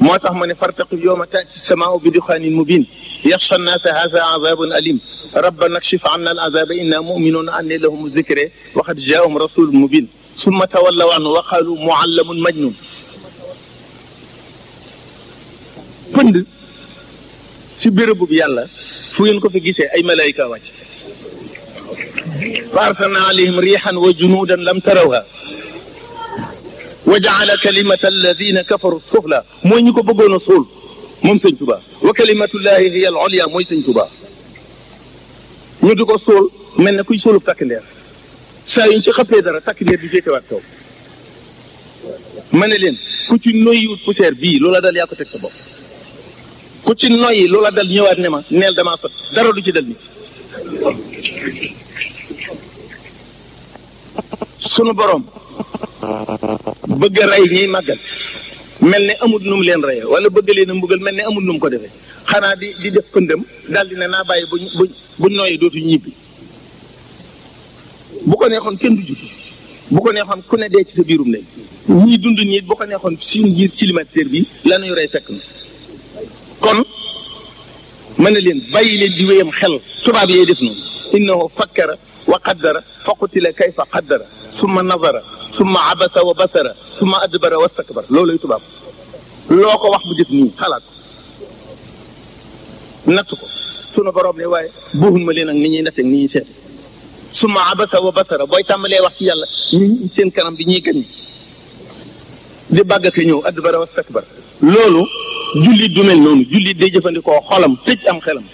moo tax ma ne fartaqib yowma taati samaau bi duxaanin mubin yaxsha nnaasa haza azabun alim rabbana akshif anna al azaba inna muminuna anni lahum zikre waxad jaahum rasulun mubin summa tawallaw anhu wa qaalu muallamun majnun pënd si bérébu bi yàlla fu ngeen ko fi gisee ay malayka wàcc fa arsalna alayhim riixan wa junuudan lam tarawha wa jaala kalimata alladina kafaru sufla mooy ñi ko bëggoon a suul moom sëñ Tuba wa kalimatullahi hiya al ulya mooy sëñ Tuba ñu di ko suul mel ne kuy suulub takk ndeer saa yu ñu ci xëppee dara takk bi di féetewaat kaw ma ne leen ku ci noyyiwut poussière bii loola dal yaa ko teg sa bopp ku ci noyyi loola dal ñëwaat ne ma neel damaa sot dara du ci dal ni sunu borom bëgg a rey ñiy màggal si mel ne amut nu mu leen reyee wala bëgg leen a mbugal mel ne amut nu ko defee xanaa di di def pëndam daal di ne naa bàyyi buñ buñ buñ nooyee dootuñ ñibbi bu ko neexoon kenn du jug bu ko neexoon ku ne dee ci sa biirum lañ ñii dund ñiit bu ko neexoon suñu biir climatiseur bi la ñuy rey fekk na kon mën na leen bàyyi leen di wéyam xel tubaab yee def noonu innahu fakkara wa qaddara fa qutila qaddara summa nazara summa abasa wa basara summa adbara wa stakbar loolu lay tubaab loo ko wax bu jëf nii xalaat ko natt ko sunu borom ne waaye buuxul ma leen ak ni ñuy natt ak ni ñuy seet summa abasa wa basara booy tàmbalee wax ci yàlla ñu seen kanam bi ñuy gën di bàgg ak ñëw adbara wa stakbar loolu jullit du mel noonu jullit de jëfandikoo xolam tëj am xelam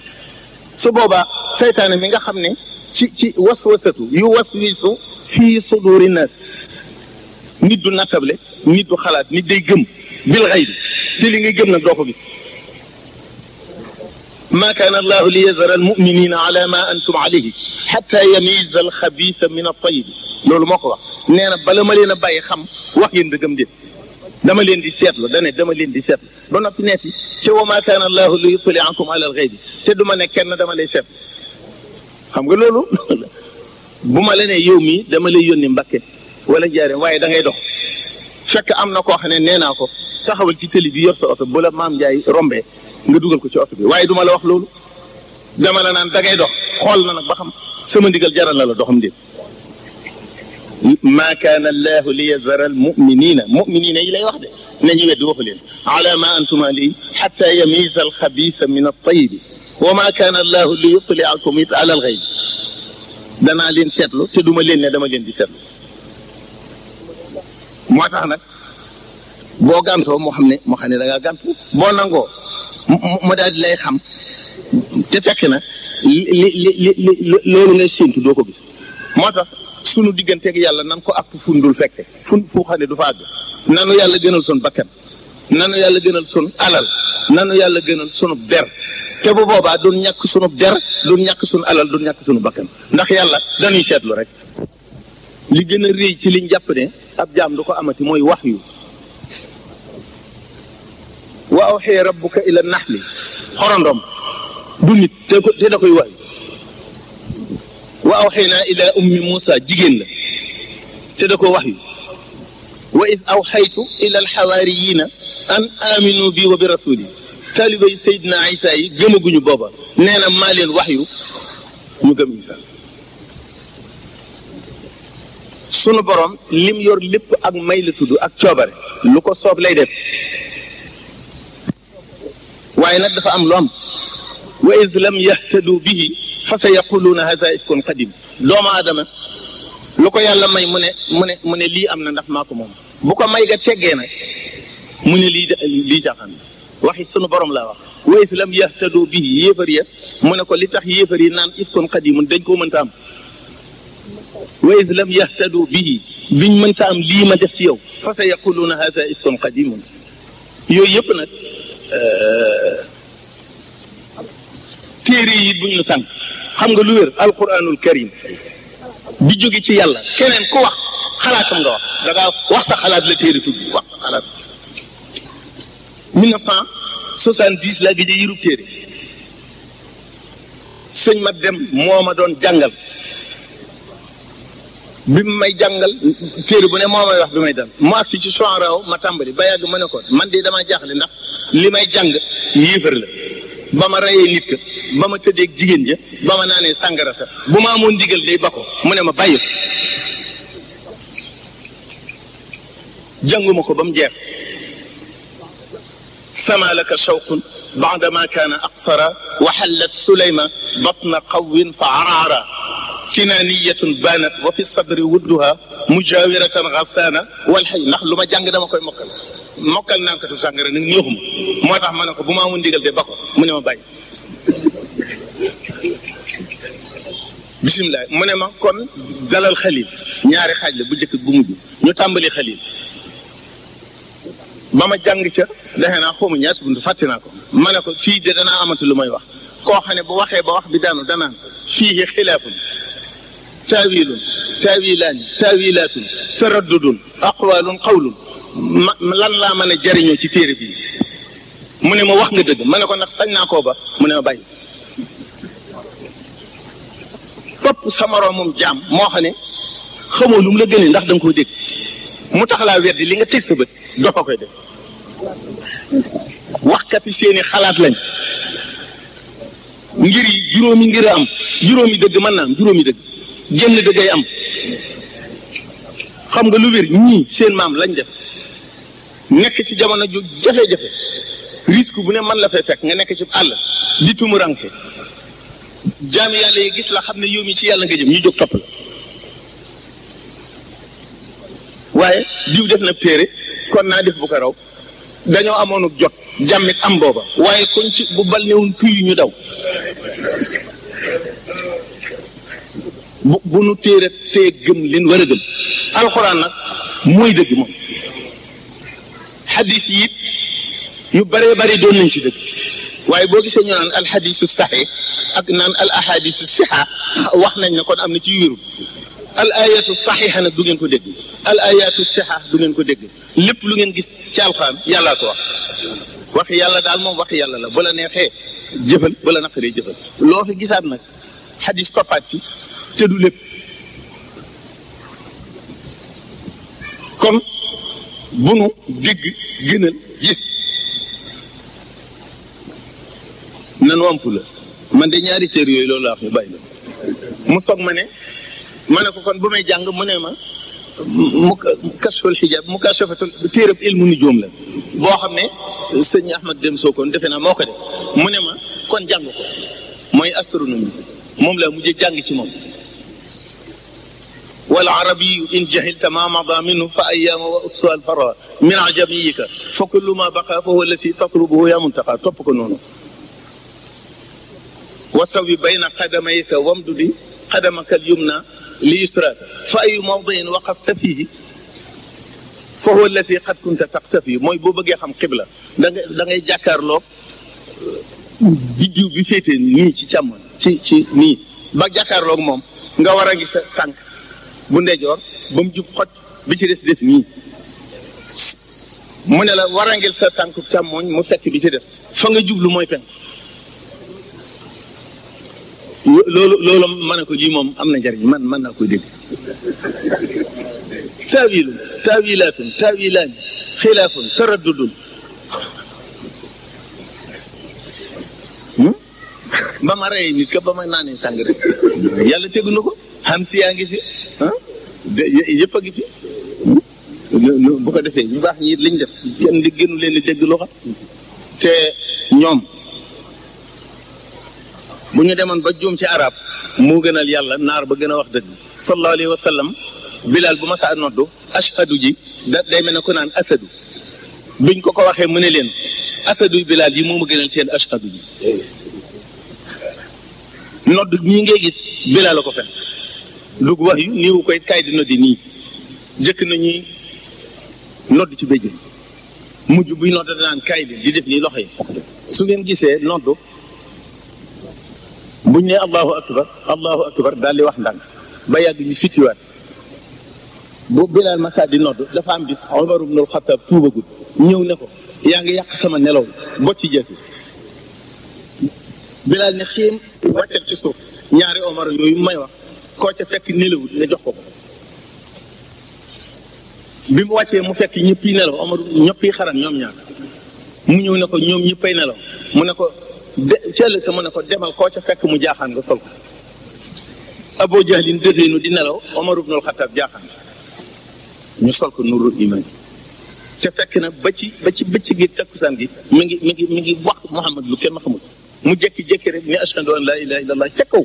su boobaa saytaane mi nga xam ne ci ci waswasatu yu waswisu fii suduri naas nit du nattable nit du xalaat nit day gëm bil xayb te li ngay gëm nag doo ko gis maa kaana allahu li yazara almuminina ala ma antum alayhi xata yamiza alxabisa min altayib loolu moo ko wax nee na bala ma leen a bàyyi xam wax yéen dëggam déet dama leen di seetlu dane dama leen di seetlu ba noppi neeti ci wa maa kaana allahu li yutliakum ala alxaybi te du ma ne kenn dama lay seetlu xam nga loolu (laughs) bu ma la ne yow mii dama lay yónni mbakke wala njaareem waaye da dox fekk am na koo xam ne nee naa ko taxawal ci tëli bi yor oto bu la maam Ndiaye rombee nga dugal ko ci oto bi waaye duma la wax loolu dama la naan da dox xool na nag ba xam sama ndigal jaral na la doxam déet maa kaana allahu li yazara almuminina muminina yi lay wax de ne ñu weddi waxu leen ala ma antum alayhi xata yamiza alxabisa min altayibi wa ma kaana allahu li yutliakum it ala alxayb danaa leen seetlu te duma leen ne dama leen di seetlu moo tax nag boo gàntoo moo xam ne moo xam ne da ngaa boo nangoo mu daal lay xam te fekk na li loolu ngay séentu doo ko gis moo tax sunu digganteeg yàlla nan ko àpp fundul fekke fun fu xam du fa àgg nanu yàlla gënal sun bakkan nanu yàlla gënal sun alal nanu yàlla gënal sunu ber te bu boobaa duñ ñàkk sunu ber duñ ñàkk sunu alal duñ ñàkk sunu bakkan ndax yàlla dañuy seetlu rek li gën a rëy ci liñ jàpp ne ab jaam du ko amati mooy wax yu wa awxee rabbuka ila naxli xorondom du nit te da koy wax wa awxee ila ummi Moussa jigéen la te da ko wax yu wa id awxaytu ila alxawaariyina an aminu bi wa bi rasuli taaliba Seydina Isa yi gëmaguñu booba nee na maa leen wax yu ñu gëm Isa sunu borom lim yor lépp ak may la tudd ak coobare lu ko soob lay def waaye nag dafa am lu am wa iz lam yahtadu bihi fa sa yaquluuna hada ifkun qadim doomu aadama lu ko yàlla may mu ne mu ne mu ne lii am na ndax maa moom bu ko may ga teggee nag mu ne lii lii jaaxaan waxi sunu borom laa wax wa iz lam yahtadu bihi yéefar ya mu ne ko li tax yéefar yi naan ifkun qadim dañ koo mënta am wa id lam yahtadu bihi biñ mënta am lii ma def ci yow fa sa yaquluuna hada ifkun qadimun yooyu yëpp nag euh, téere yi buñ nu sànq xam nga lu wér alquranul karim bi jóge ci yàlla keneen ku wax xalaatam nga wax da wax sa xalaat la téere tudd wax sa xalaat 1970 laa gëj a yirub téere sëñ ma dem moo doon jàngal bi mu may jàngal téere bu ne moo may wax bi may dal mu agsi ci soxoraaw ma tàmbali ba yàgg ma ne ko man de damaa jaaxle ndax li may jàng yéefar la ba ma reyee nit ka ba ma tëddeeg jigéen ja ba ma naanee sàngara sa bu ma amoon ndigal day ba ko mu ne ma bàyyi jànguma ko ba jeex sama laka shawqun baadama kaana aqsara wa xallat suleyma batna qawwin fa araara kinaaniyatun baanat wa fi sadri wudduha mujaawiratan ghasaana wal xëy ndax lu ma jàng dama koy mokkal mokkal naan katu sàngara nag neexuma moo tax ma ne ko bu ma mun ndigal de ba ko mu ne ma bàyyi bisimilah mu ne ma kon dalal xalil ñaari xaaj bu njëkk bu mujj ñu tàmbali xalil ba ma jàng ca defe naa xaw ma ñaar buntu fàtte naa ko ma ne ko fii de danaa amatu lu may wax koo xam ne bu waxee ba wax bi daanu danaan fii taawilun taawilaani taawilaatun taraddudun aqwaalun qawlun lan laa mën a jariñoo ci téere bi mu ne ma wax nga dëgg ma ne ko ndax sañ naa koo ba mu ne ma bàyyi topp sa moroomum jaam moo xam ne xamoo lu mu la gënee ndax da nga koo dégg mu tax laa weddi li nga teg sa bët dofa koy def waxkati seeni xalaat lañ ngir juróomi ngir am juróomi dëgg mën naa am juróomi dëgg génn ga day am xam nga lu wér ñii seen maam lañ def nekk ci jamono ju jafe-jafe risque bu ne man la fay fekk nga nekk ci àll di tumuranke jaami yàlla yi gis la xam ne yow mi ci yàlla nga jëm ñu jóg topp la waaye diw def na téere kon naa def bu ko raw dañoo amoon jot jàmmit am booba waaye kuñ ci bu bal newun tuy ñu daw bu bu nu téere tee gëm leen war a gëm alxuraan nag mooy dëgg moom xadis yi it yu bëree bëri doon nañ ci dëgg waaye boo gisee ñu naan alxadisu saxee ak naan al ahadisu wax nañ ne kon am na ci wérul al ayatu saxiixa nag du ngeen ko dégg al ayatu sixa du ngeen ko dégg lépp lu ngeen gis ci alxuraan yàllaa ko wax waxi yàlla daal moom wax yàlla la bu neexee jëfal bu la naqaree jëfal loo fi gisaat nag xadis toppaat ci te du lépp comme bu nu dégg gënal gis nanu am la man de ñaari cër yooyu loolu laa ko bàyyi la mu soog ma ne ma ne ko kon bu may jàng mu ne ma mu kasful xijaab mu kasfatul téerab ilmu nujuum la boo xam ne sëñ Ahmad Dem kon defe naa moo ko def mu ne ma kon jàng ko mooy astronomie moom laa mujjee jàng ci moom والعربي إن جهلت ما مضى منه فأيام وأسوى الفرى من عجميك فكل ما بقى فهو الذي تطلبه يا منتقى topp ko noonu wasawi bayna qadamayka wamdudi qadamaka al-yumna li-yusraka fa-ayyu mawdi'in waqafta fihi fahuwa allati qad kunta taqtafi mooy boo bëggee xam xibla da ngay da ngay jàkkaarloog biddiw euh, bi féete nii ci càmm ci ci nii ba jàkkaarloog moom nga war a gis sa tànk bu ndejoor ba mu jub xoj bi ci des def nii mu ne la warangil sa tànku càmmooñ mu fekk bi ci des fa nga jublu mooy penk loolu loolu ma ne ko ji moom am na njariñ man man naa koy dégg taawilu taawilaatun taawilaani xilaafun taraddudun hmm? ba ma rey nit ka ba ma naanee sàngara yàlla tegu ko Hamsi yaa ngi fi yépp a ngi fi hmm? bu ko defee ñu baax ñi liñ def di gënu leen di dégg loxo te ñoom bu ñu demoon ba juum ci arab moo gënal yàlla naar ba gën a wax dëgg sallallahu alayhi wa bilaal bu ma saa noddu ashadu ji da day mel ne ko naan asadu biñ ko ko waxee mu ne leen asadu bilaal yi moo ma gënal seen ashadu ji nodd ñi ngay gis bilaal la ko fen lug wax yu niiwu koy kaay di noddi nii jëkk nañuy nodd ci béjjén mujj buy nodd danaan kaay leen di def nii loxo yi su ngeen gisee nodd buñ ne allahu akbar allahu akbar daal di wax ndànk ba yàgg ñu fittiwaat bu Bilaal Massa di nodd dafa am bis Omar ibn al-Khattab tuubagul ñëw ne ko yaa ngi yàq sama nelaw bocci jësi Bilaal ne xiim wàccal ci suuf ñaari Omar yooyu may wax koo ca fekk nelawut nga jox ko ko bi mu wàccee mu fekk ñëpp nelaw Omar ñëpp yi xaran ñoom ñaar mu ñëw ne ko ñoom ñëppay nelaw mu ne ko de ëllëg sa mu ne ko demal koo ca fekk mu jaaxaan nga sol ko Abu Jahlin dëteenu di nelaw Omar ibnul Xattaab jaaxaan ñu sol ko nuru iman te fekk na ba ci ba ci bëccëg gi takkusaan gi mu ngi mi ngi mi ngi wax Muhammad lu kenn xamul mu jékki-jékki rek ni ashhadu an laa ilaaha illallaah ca kaw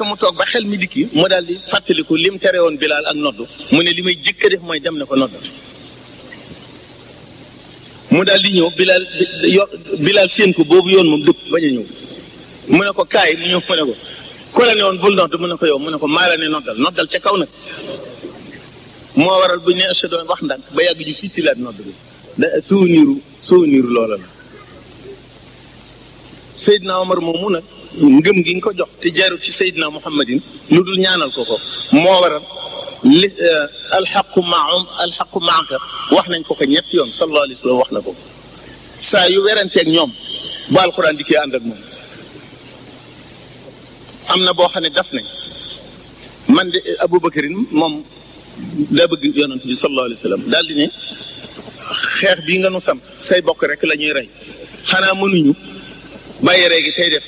fekk mu toog ba xel mi dikki mu daal di fàttaliku lim tere woon bilaal ak noddu mu ne li may jëkk def mooy dem ne ko noddu mu daal di ñëw bilaal bilaal séen ko boobu yoon moom dëpp bañ a ñëw mu ne ko kaay mu ñëw mu ne ko ku la ne woon bul noddu mu ne ko yow mu ne ko maa la ne noddal noddal ca kaw nag moo waral bu ñu doon wax ndànk ba yàgg ñu fittilaat noddu bi da suuniru suuniru loola la Seydina Omar moomu nag ngëm gi nga ko jox te jaaru ci Seydina Muhammadin lu dul ñaanal ko ko moo waral li euh, alxaqu maahum alxaqu maaka wax nañ ko ko ñetti yoon sallallahu alayhi wax na ko saa yu weranteeg ñoom ba alxuraan di koy ànd ak moom am na boo xam ne daf nañ man de Aboubacarin moom da bëgg yonent bi sallallahu alayhi daal di ne xeex bii nga nu sam say bokk rek lañuy rey xanaa mënuñu bàyyi rey gi tey def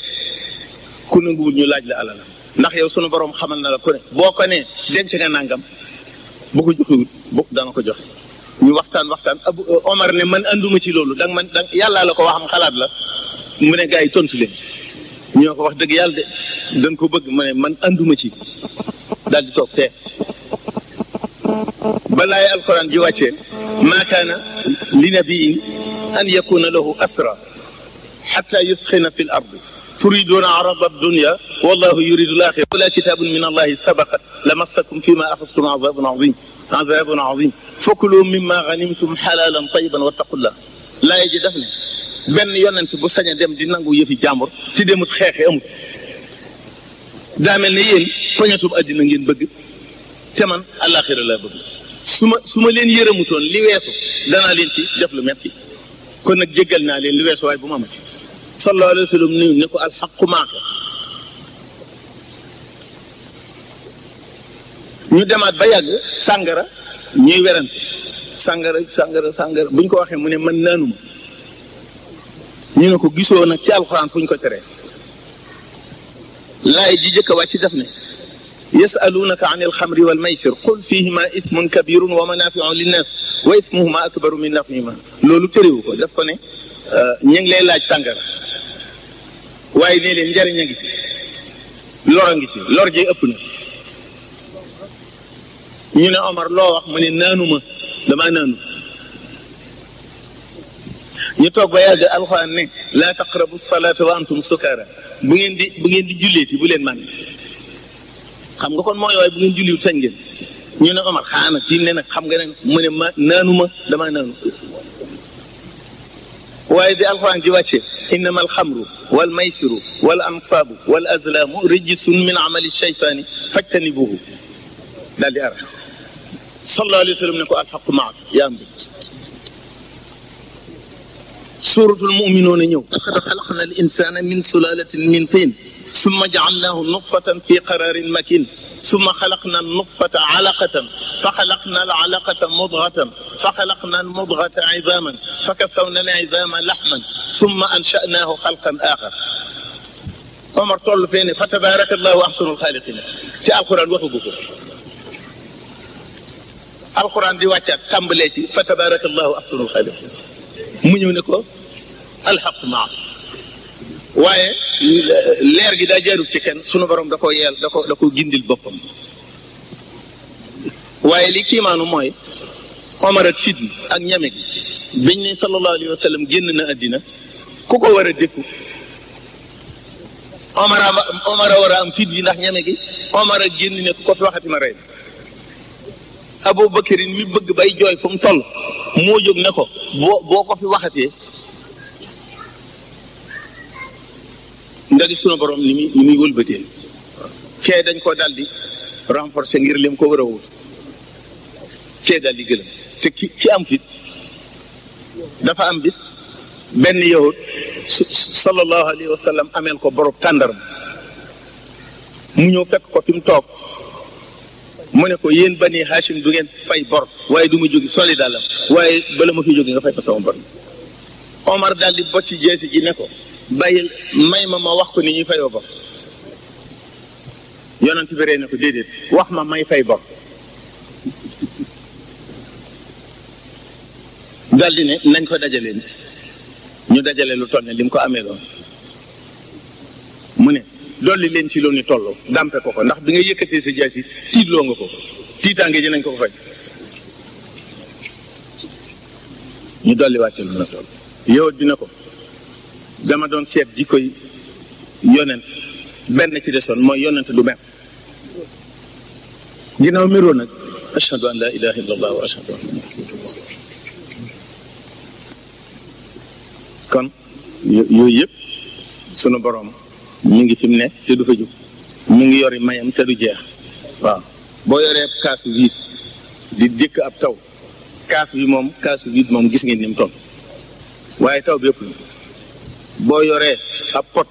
ku nanguwul ñu laaj la alalam ndax yow sunu borom xamal na la ku ne boo ko nee denc nga nangam bu ko joxewut bu dana ko joxe ñu waxtaan waxtaan abu euh, Omar ne man anduma ci loolu danga man danga yàllaa la ko waxam xalaat la mu ne gars yi tontu leen ñoo ko wax dëgg yàlla de dañ ko bëgg ma ne man anduma ci daal di toog fee balaay alquran ji wàccee maa kaana li nabiin an yakuna lahu asra xata yusxina fi l turiduuna araba dunya wallahu yuridu laaxira wala kitaabun min allahi sabaqa lamassakum fima axastum azabun azim azabun azim fakulu mimma ganimtum xalaalan tayiban wattaqullah laay ji def ne benn yonent bu sañ a dem di nangu yëfi jàmbur ci demut xeexe amut daa mel ne yéen poñatum àddina ngeen bëgg te man àllaaxira laa bëgg su ma su ma leen yërëmutoon li weesu danaa leen ci def lu metti kon nag jéggal naa leen li weesu waaye bu ma amati sallallahu alayhi wa sallam ni ne ko alxaqu maaka ñu demaat ba yàgg sàngara ñuy werante sàngara sàngara sàngara buñ ko waxee mu ne mën naanuma ñu ne ko gisoo nag ci alxuraan fu ñu ko teree laay ji jëkk a wàcc def ne yasalunaka an alxamri walmaysir qul fihima ismun kabirun wa manafiu linnas wa ismuhuma akbaru min nafihima loolu terewu ko def ko ne euh, ñu ngi lay laaj sàngara waaye nee leen njariñ a ngi lor a ngi si lor ji ëpp ñu ne Omar loo wax mu ne naanuma damaa naanu ñu toog ba yàgg alxuraan ne laa taqrabu salaata wa antum sukaara bu ngeen di bu ngeen di julleeti bu leen man xam nga kon mooy waaye bu ngeen julliwul sañ ngeen ñu ne Omar xaana fii nag xam nga ne mu ne ma naanuma damaa naanu waaye bi alxuraan ji wàcce innama alxamru wal maysiru wal ansaabu wal azlaamu rijisun min amali shaytaani fajtanibuhu daal di arrêté sallallahu alayhi wa sallam ne ko alxaqu maak yaa am suuratul muminuuna ñëw laqad xalaqna al insaana min sulaalatin min tiin summa jaalnaahu nutfatan fi qararin makin summa xalaqna nutfata alaqatan fa xalaqna al alaqata mudgatan fa xalaqna al mudgata idaman fa kasawna al idama laxman summa ansha'nahu xalqan axar Omar toll fee ne fa tabaraka allahu axsanul xaaliqin ci alquran waxugu ko alquran di wàccaat tàmbalee ci fa tabaraka allahu axsanul xaaliqin mu ñëw ne ko alxaq maa waaye leer gi daa jaarul ci kenn sunu borom da ko yeel da ko ko gindil boppam waaye li kiimaanu mooy Omar ak Sidni ak ñame gi biñ ne sallallahu alayhi wa génn na àddina ku ko war a dékku Omar a war am fit yi ndax ñame gi Omar a génn ne ku ko fi waxati ma rey Abou mi bëgg bay jooy fu tol moo jóg ne ko boo boo ko fi waxatee nga gis sunu borom ni muy ni muy kee dañ koo daal di ngir lim ko war a wut kee daldi di gëlëm te ki ki am fit dafa am bis benn yahut sallallahu alayhi wa sallam ameel ko borob tàndaram mu ñëw fekk ko fi mu toog mu ne ko yéen bani Hachim du ngeen fay bor waaye du ma jógi soli dàllam waaye bala ma fi jógi nga fay ko sama bor Omar daal di bocc jeesi ji ne ko bàyyil may ma ma wax ko ni ñuy fayoo bor yonent bi ree na ko déedéet wax ma may fay bor daldi ne nañ ko dajale ñu dajale lu toll ne li mu ko amee loon mu ne dolli leen ci loolu ni toll dàmpe ko ko ndax bi nga yëkkatee sa jaas yi tiitloo nga ko tiitaange ji nañ ko ko faj ñu dolli wàcce lu na toll yow dina ko dama doon seet ji koy yonent benn ci desoon mooy yonent du benn ginnaaw méroo nag ashhadu kon yooyu yëpp sunu boroom mu ngi fim mu ne te du fa mu ngi yori mayam te du jeex waaw boo yoree kaasu wiit di dikk ab taw kaas bi moom kaasu wiit moom gis ngeen ni mu waaye taw bi yëpp la boo yoree ab pot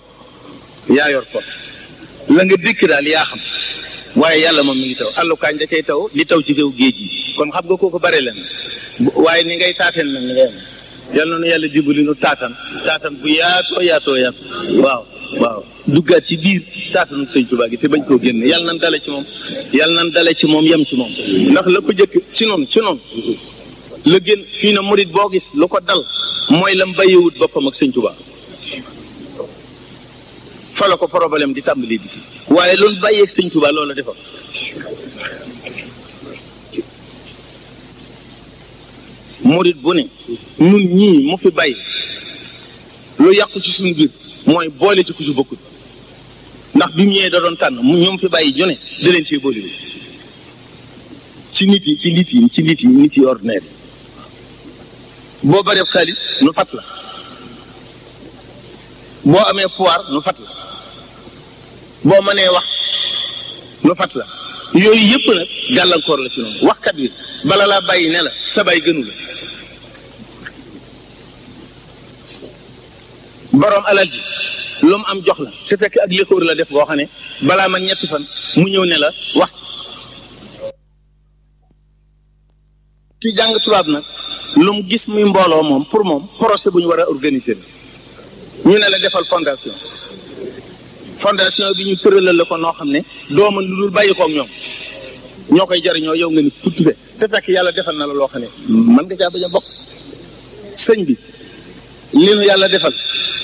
yaa yor pot la nga dikk daal yaa xam waaye yàlla moom mi ngi taw àllukaan da kay taw li taw ci kaw géej gi kon xam nga ko bare leen waaye ni ngay taateen nag ni ngay am yàlla noonu yàlla nu taatan taatan bu yaatoo yaatoo yaatoo waaw waaw duggaat ci biir taatanu sëñ Tuubaa gi te bañ koo génn yàlla nan dale ci moom yàlla nan dale ci moom yem ci moom ndax la ko jëkk ci noonu ci noonu la génn fii na murit boo gis lu ko dal mooy lam bàyyiwut boppam ak sëñ Tuubaa fala ko problème di tàmbali di waaye loolu bàyyeeg sëñ Tuba loola defam murit bu ne nun ñii mu fi bay lu yàqu ci suñu biir mooy boole ci ku ci bokkut ndax bi mu ñëwee da doon tànn ñoom fi bàyyi ñu ne da leen cee boole bi ci nit yi ci nit yi ci nit yi nit yi ordinaire boo baree xaalis nu fat la boo amee pouvoir nu fat la boo mënee wax nu fat la yooyu yëpp nag gàllankoor la ci noonu waxkat wi bala laa bàyyi ne la sa bay gënu la boroom alal ji lu mu am jox la te fekk ak lixóor la def boo xam ne balaa man ñetti fan mu ñëw ne la wax ci ci jàng tubaab nag lu mu gis muy mbooloo moom pour moom projet bu ñu war a organiser la ñu ne la defal fondation fondation bi ñu tëralal la ko noo xam ne doo mën lu dul bàyyi kook ñoom ñoo koy jariñoo yow nga ni tuddee te fekk yàlla defal na la loo xam ne man nga caa bañ a bokk sëñ bi li nu yàlla defal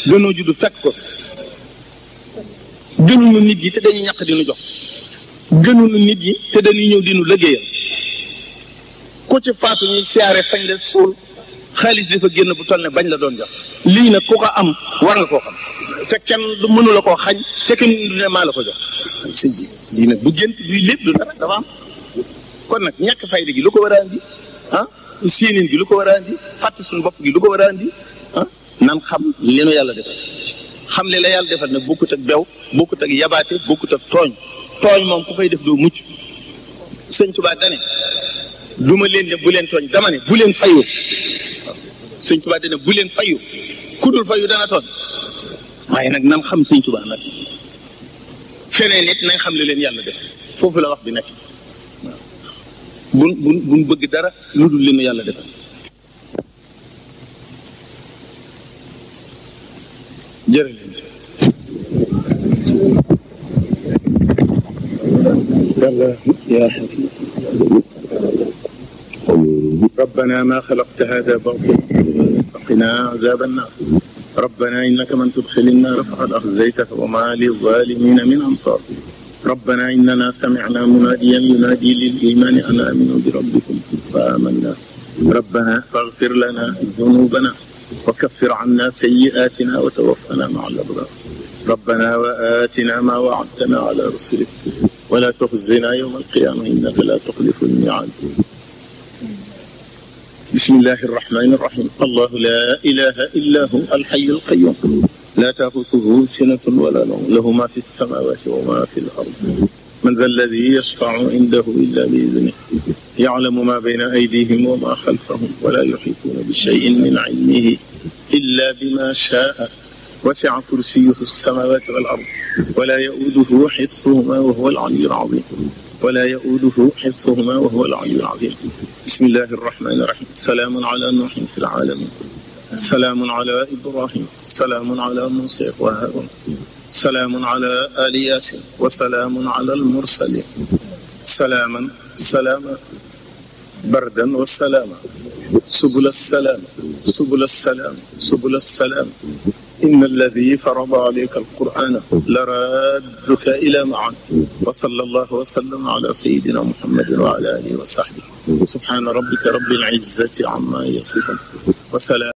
dañoo judd fekk ko gënuñu nit yi te dañuy ñàkk dinu nu jox gënuñu nit yi te dañuy ñëw dinu nu liggéeyal ku ci faatu ñuy siyaare fañ la suul xaalis dafa génn bu toll ne bañ la doon jox lii nag ku ko am war nga koo xam. te kenn du mënu la koo xañ te kenn du ne maa la ko jox sëñ bi nag bu jënt luy lépp lu dara dafa am kon nag ñàkk fayda gi lu ko war a andi ah gi lu ko war a andi fàtte suñu bopp gi lu ko war a andi ah nan xam li yàlla defal xam li la yàlla defal nag bokkut ak bew bokkut ak yabaate bokkut ak tooñ tooñ moom ku koy def doo mucc sëñ Tuubaa dane du ma leen ne bu leen tooñ dama ne bu leen fayu sëñ Tuubaa dane bu leen fayu ku dul fayu dana tooñ waaye nag nan xam sëñ Tuubaa nag feneen it nañ xam li leen yàlla def foofu la wax bi nag waaw bëgg dara lu dul li nu yàlla defal jërë ngeen jëf ربنا ما خلقت هذا باطلا فقنا عذاب النار ربنا إنك من تدخل النار فقد أخزيته وما للظالمين من أنصار ربنا إننا سمعنا مناديا ينادي للإيمان أن آمنوا بربكم فآمنا ربنا فاغفر لنا ذنوبنا وكفر عنا سيئاتنا وتوفنا مع الأبرار ربنا وآتنا ما وعدتنا على رسلك ولا تخزنا يوم القيامة إنك لا تخلف الميعاد bismillahi irrahmani irrahim allahu la ilaha illa hu alxayu alqayum laa taaxuduhu sinatun wala nawm lahu ma fi lsamawati wa ma fi l ard man da alladi yashfau indahu illa bi idnih yalamu ma bayna aydihim wa ma xalfahum wala yuxituuna bi cheyin min cilmihi illa bima chaa wasia kursiyuhu lsamawati wal ard wala yauduhu xifsuhuma wa huwa alcaliyu alcazim wala yauduhu xifsuhuma wa huwa alcaliyu alcazim bismillahi irrahmani irrahim salaamun ala nuuhin fi laalamin salaamun ala ibrahim salaamun ala muusa wa haaruun salaamun ala ali yaasin wa salaamun ala almursalin salaaman salaama bardan wa salaama subula salaama subula salaama subula salaama إن الذي فرض عليك القرآن لرادك إلى معاد وصلى الله وسلم على سيدنا محمد وعلى آله وصحبه subhaana rabbika rabbil izzati amma yasifun wa salaam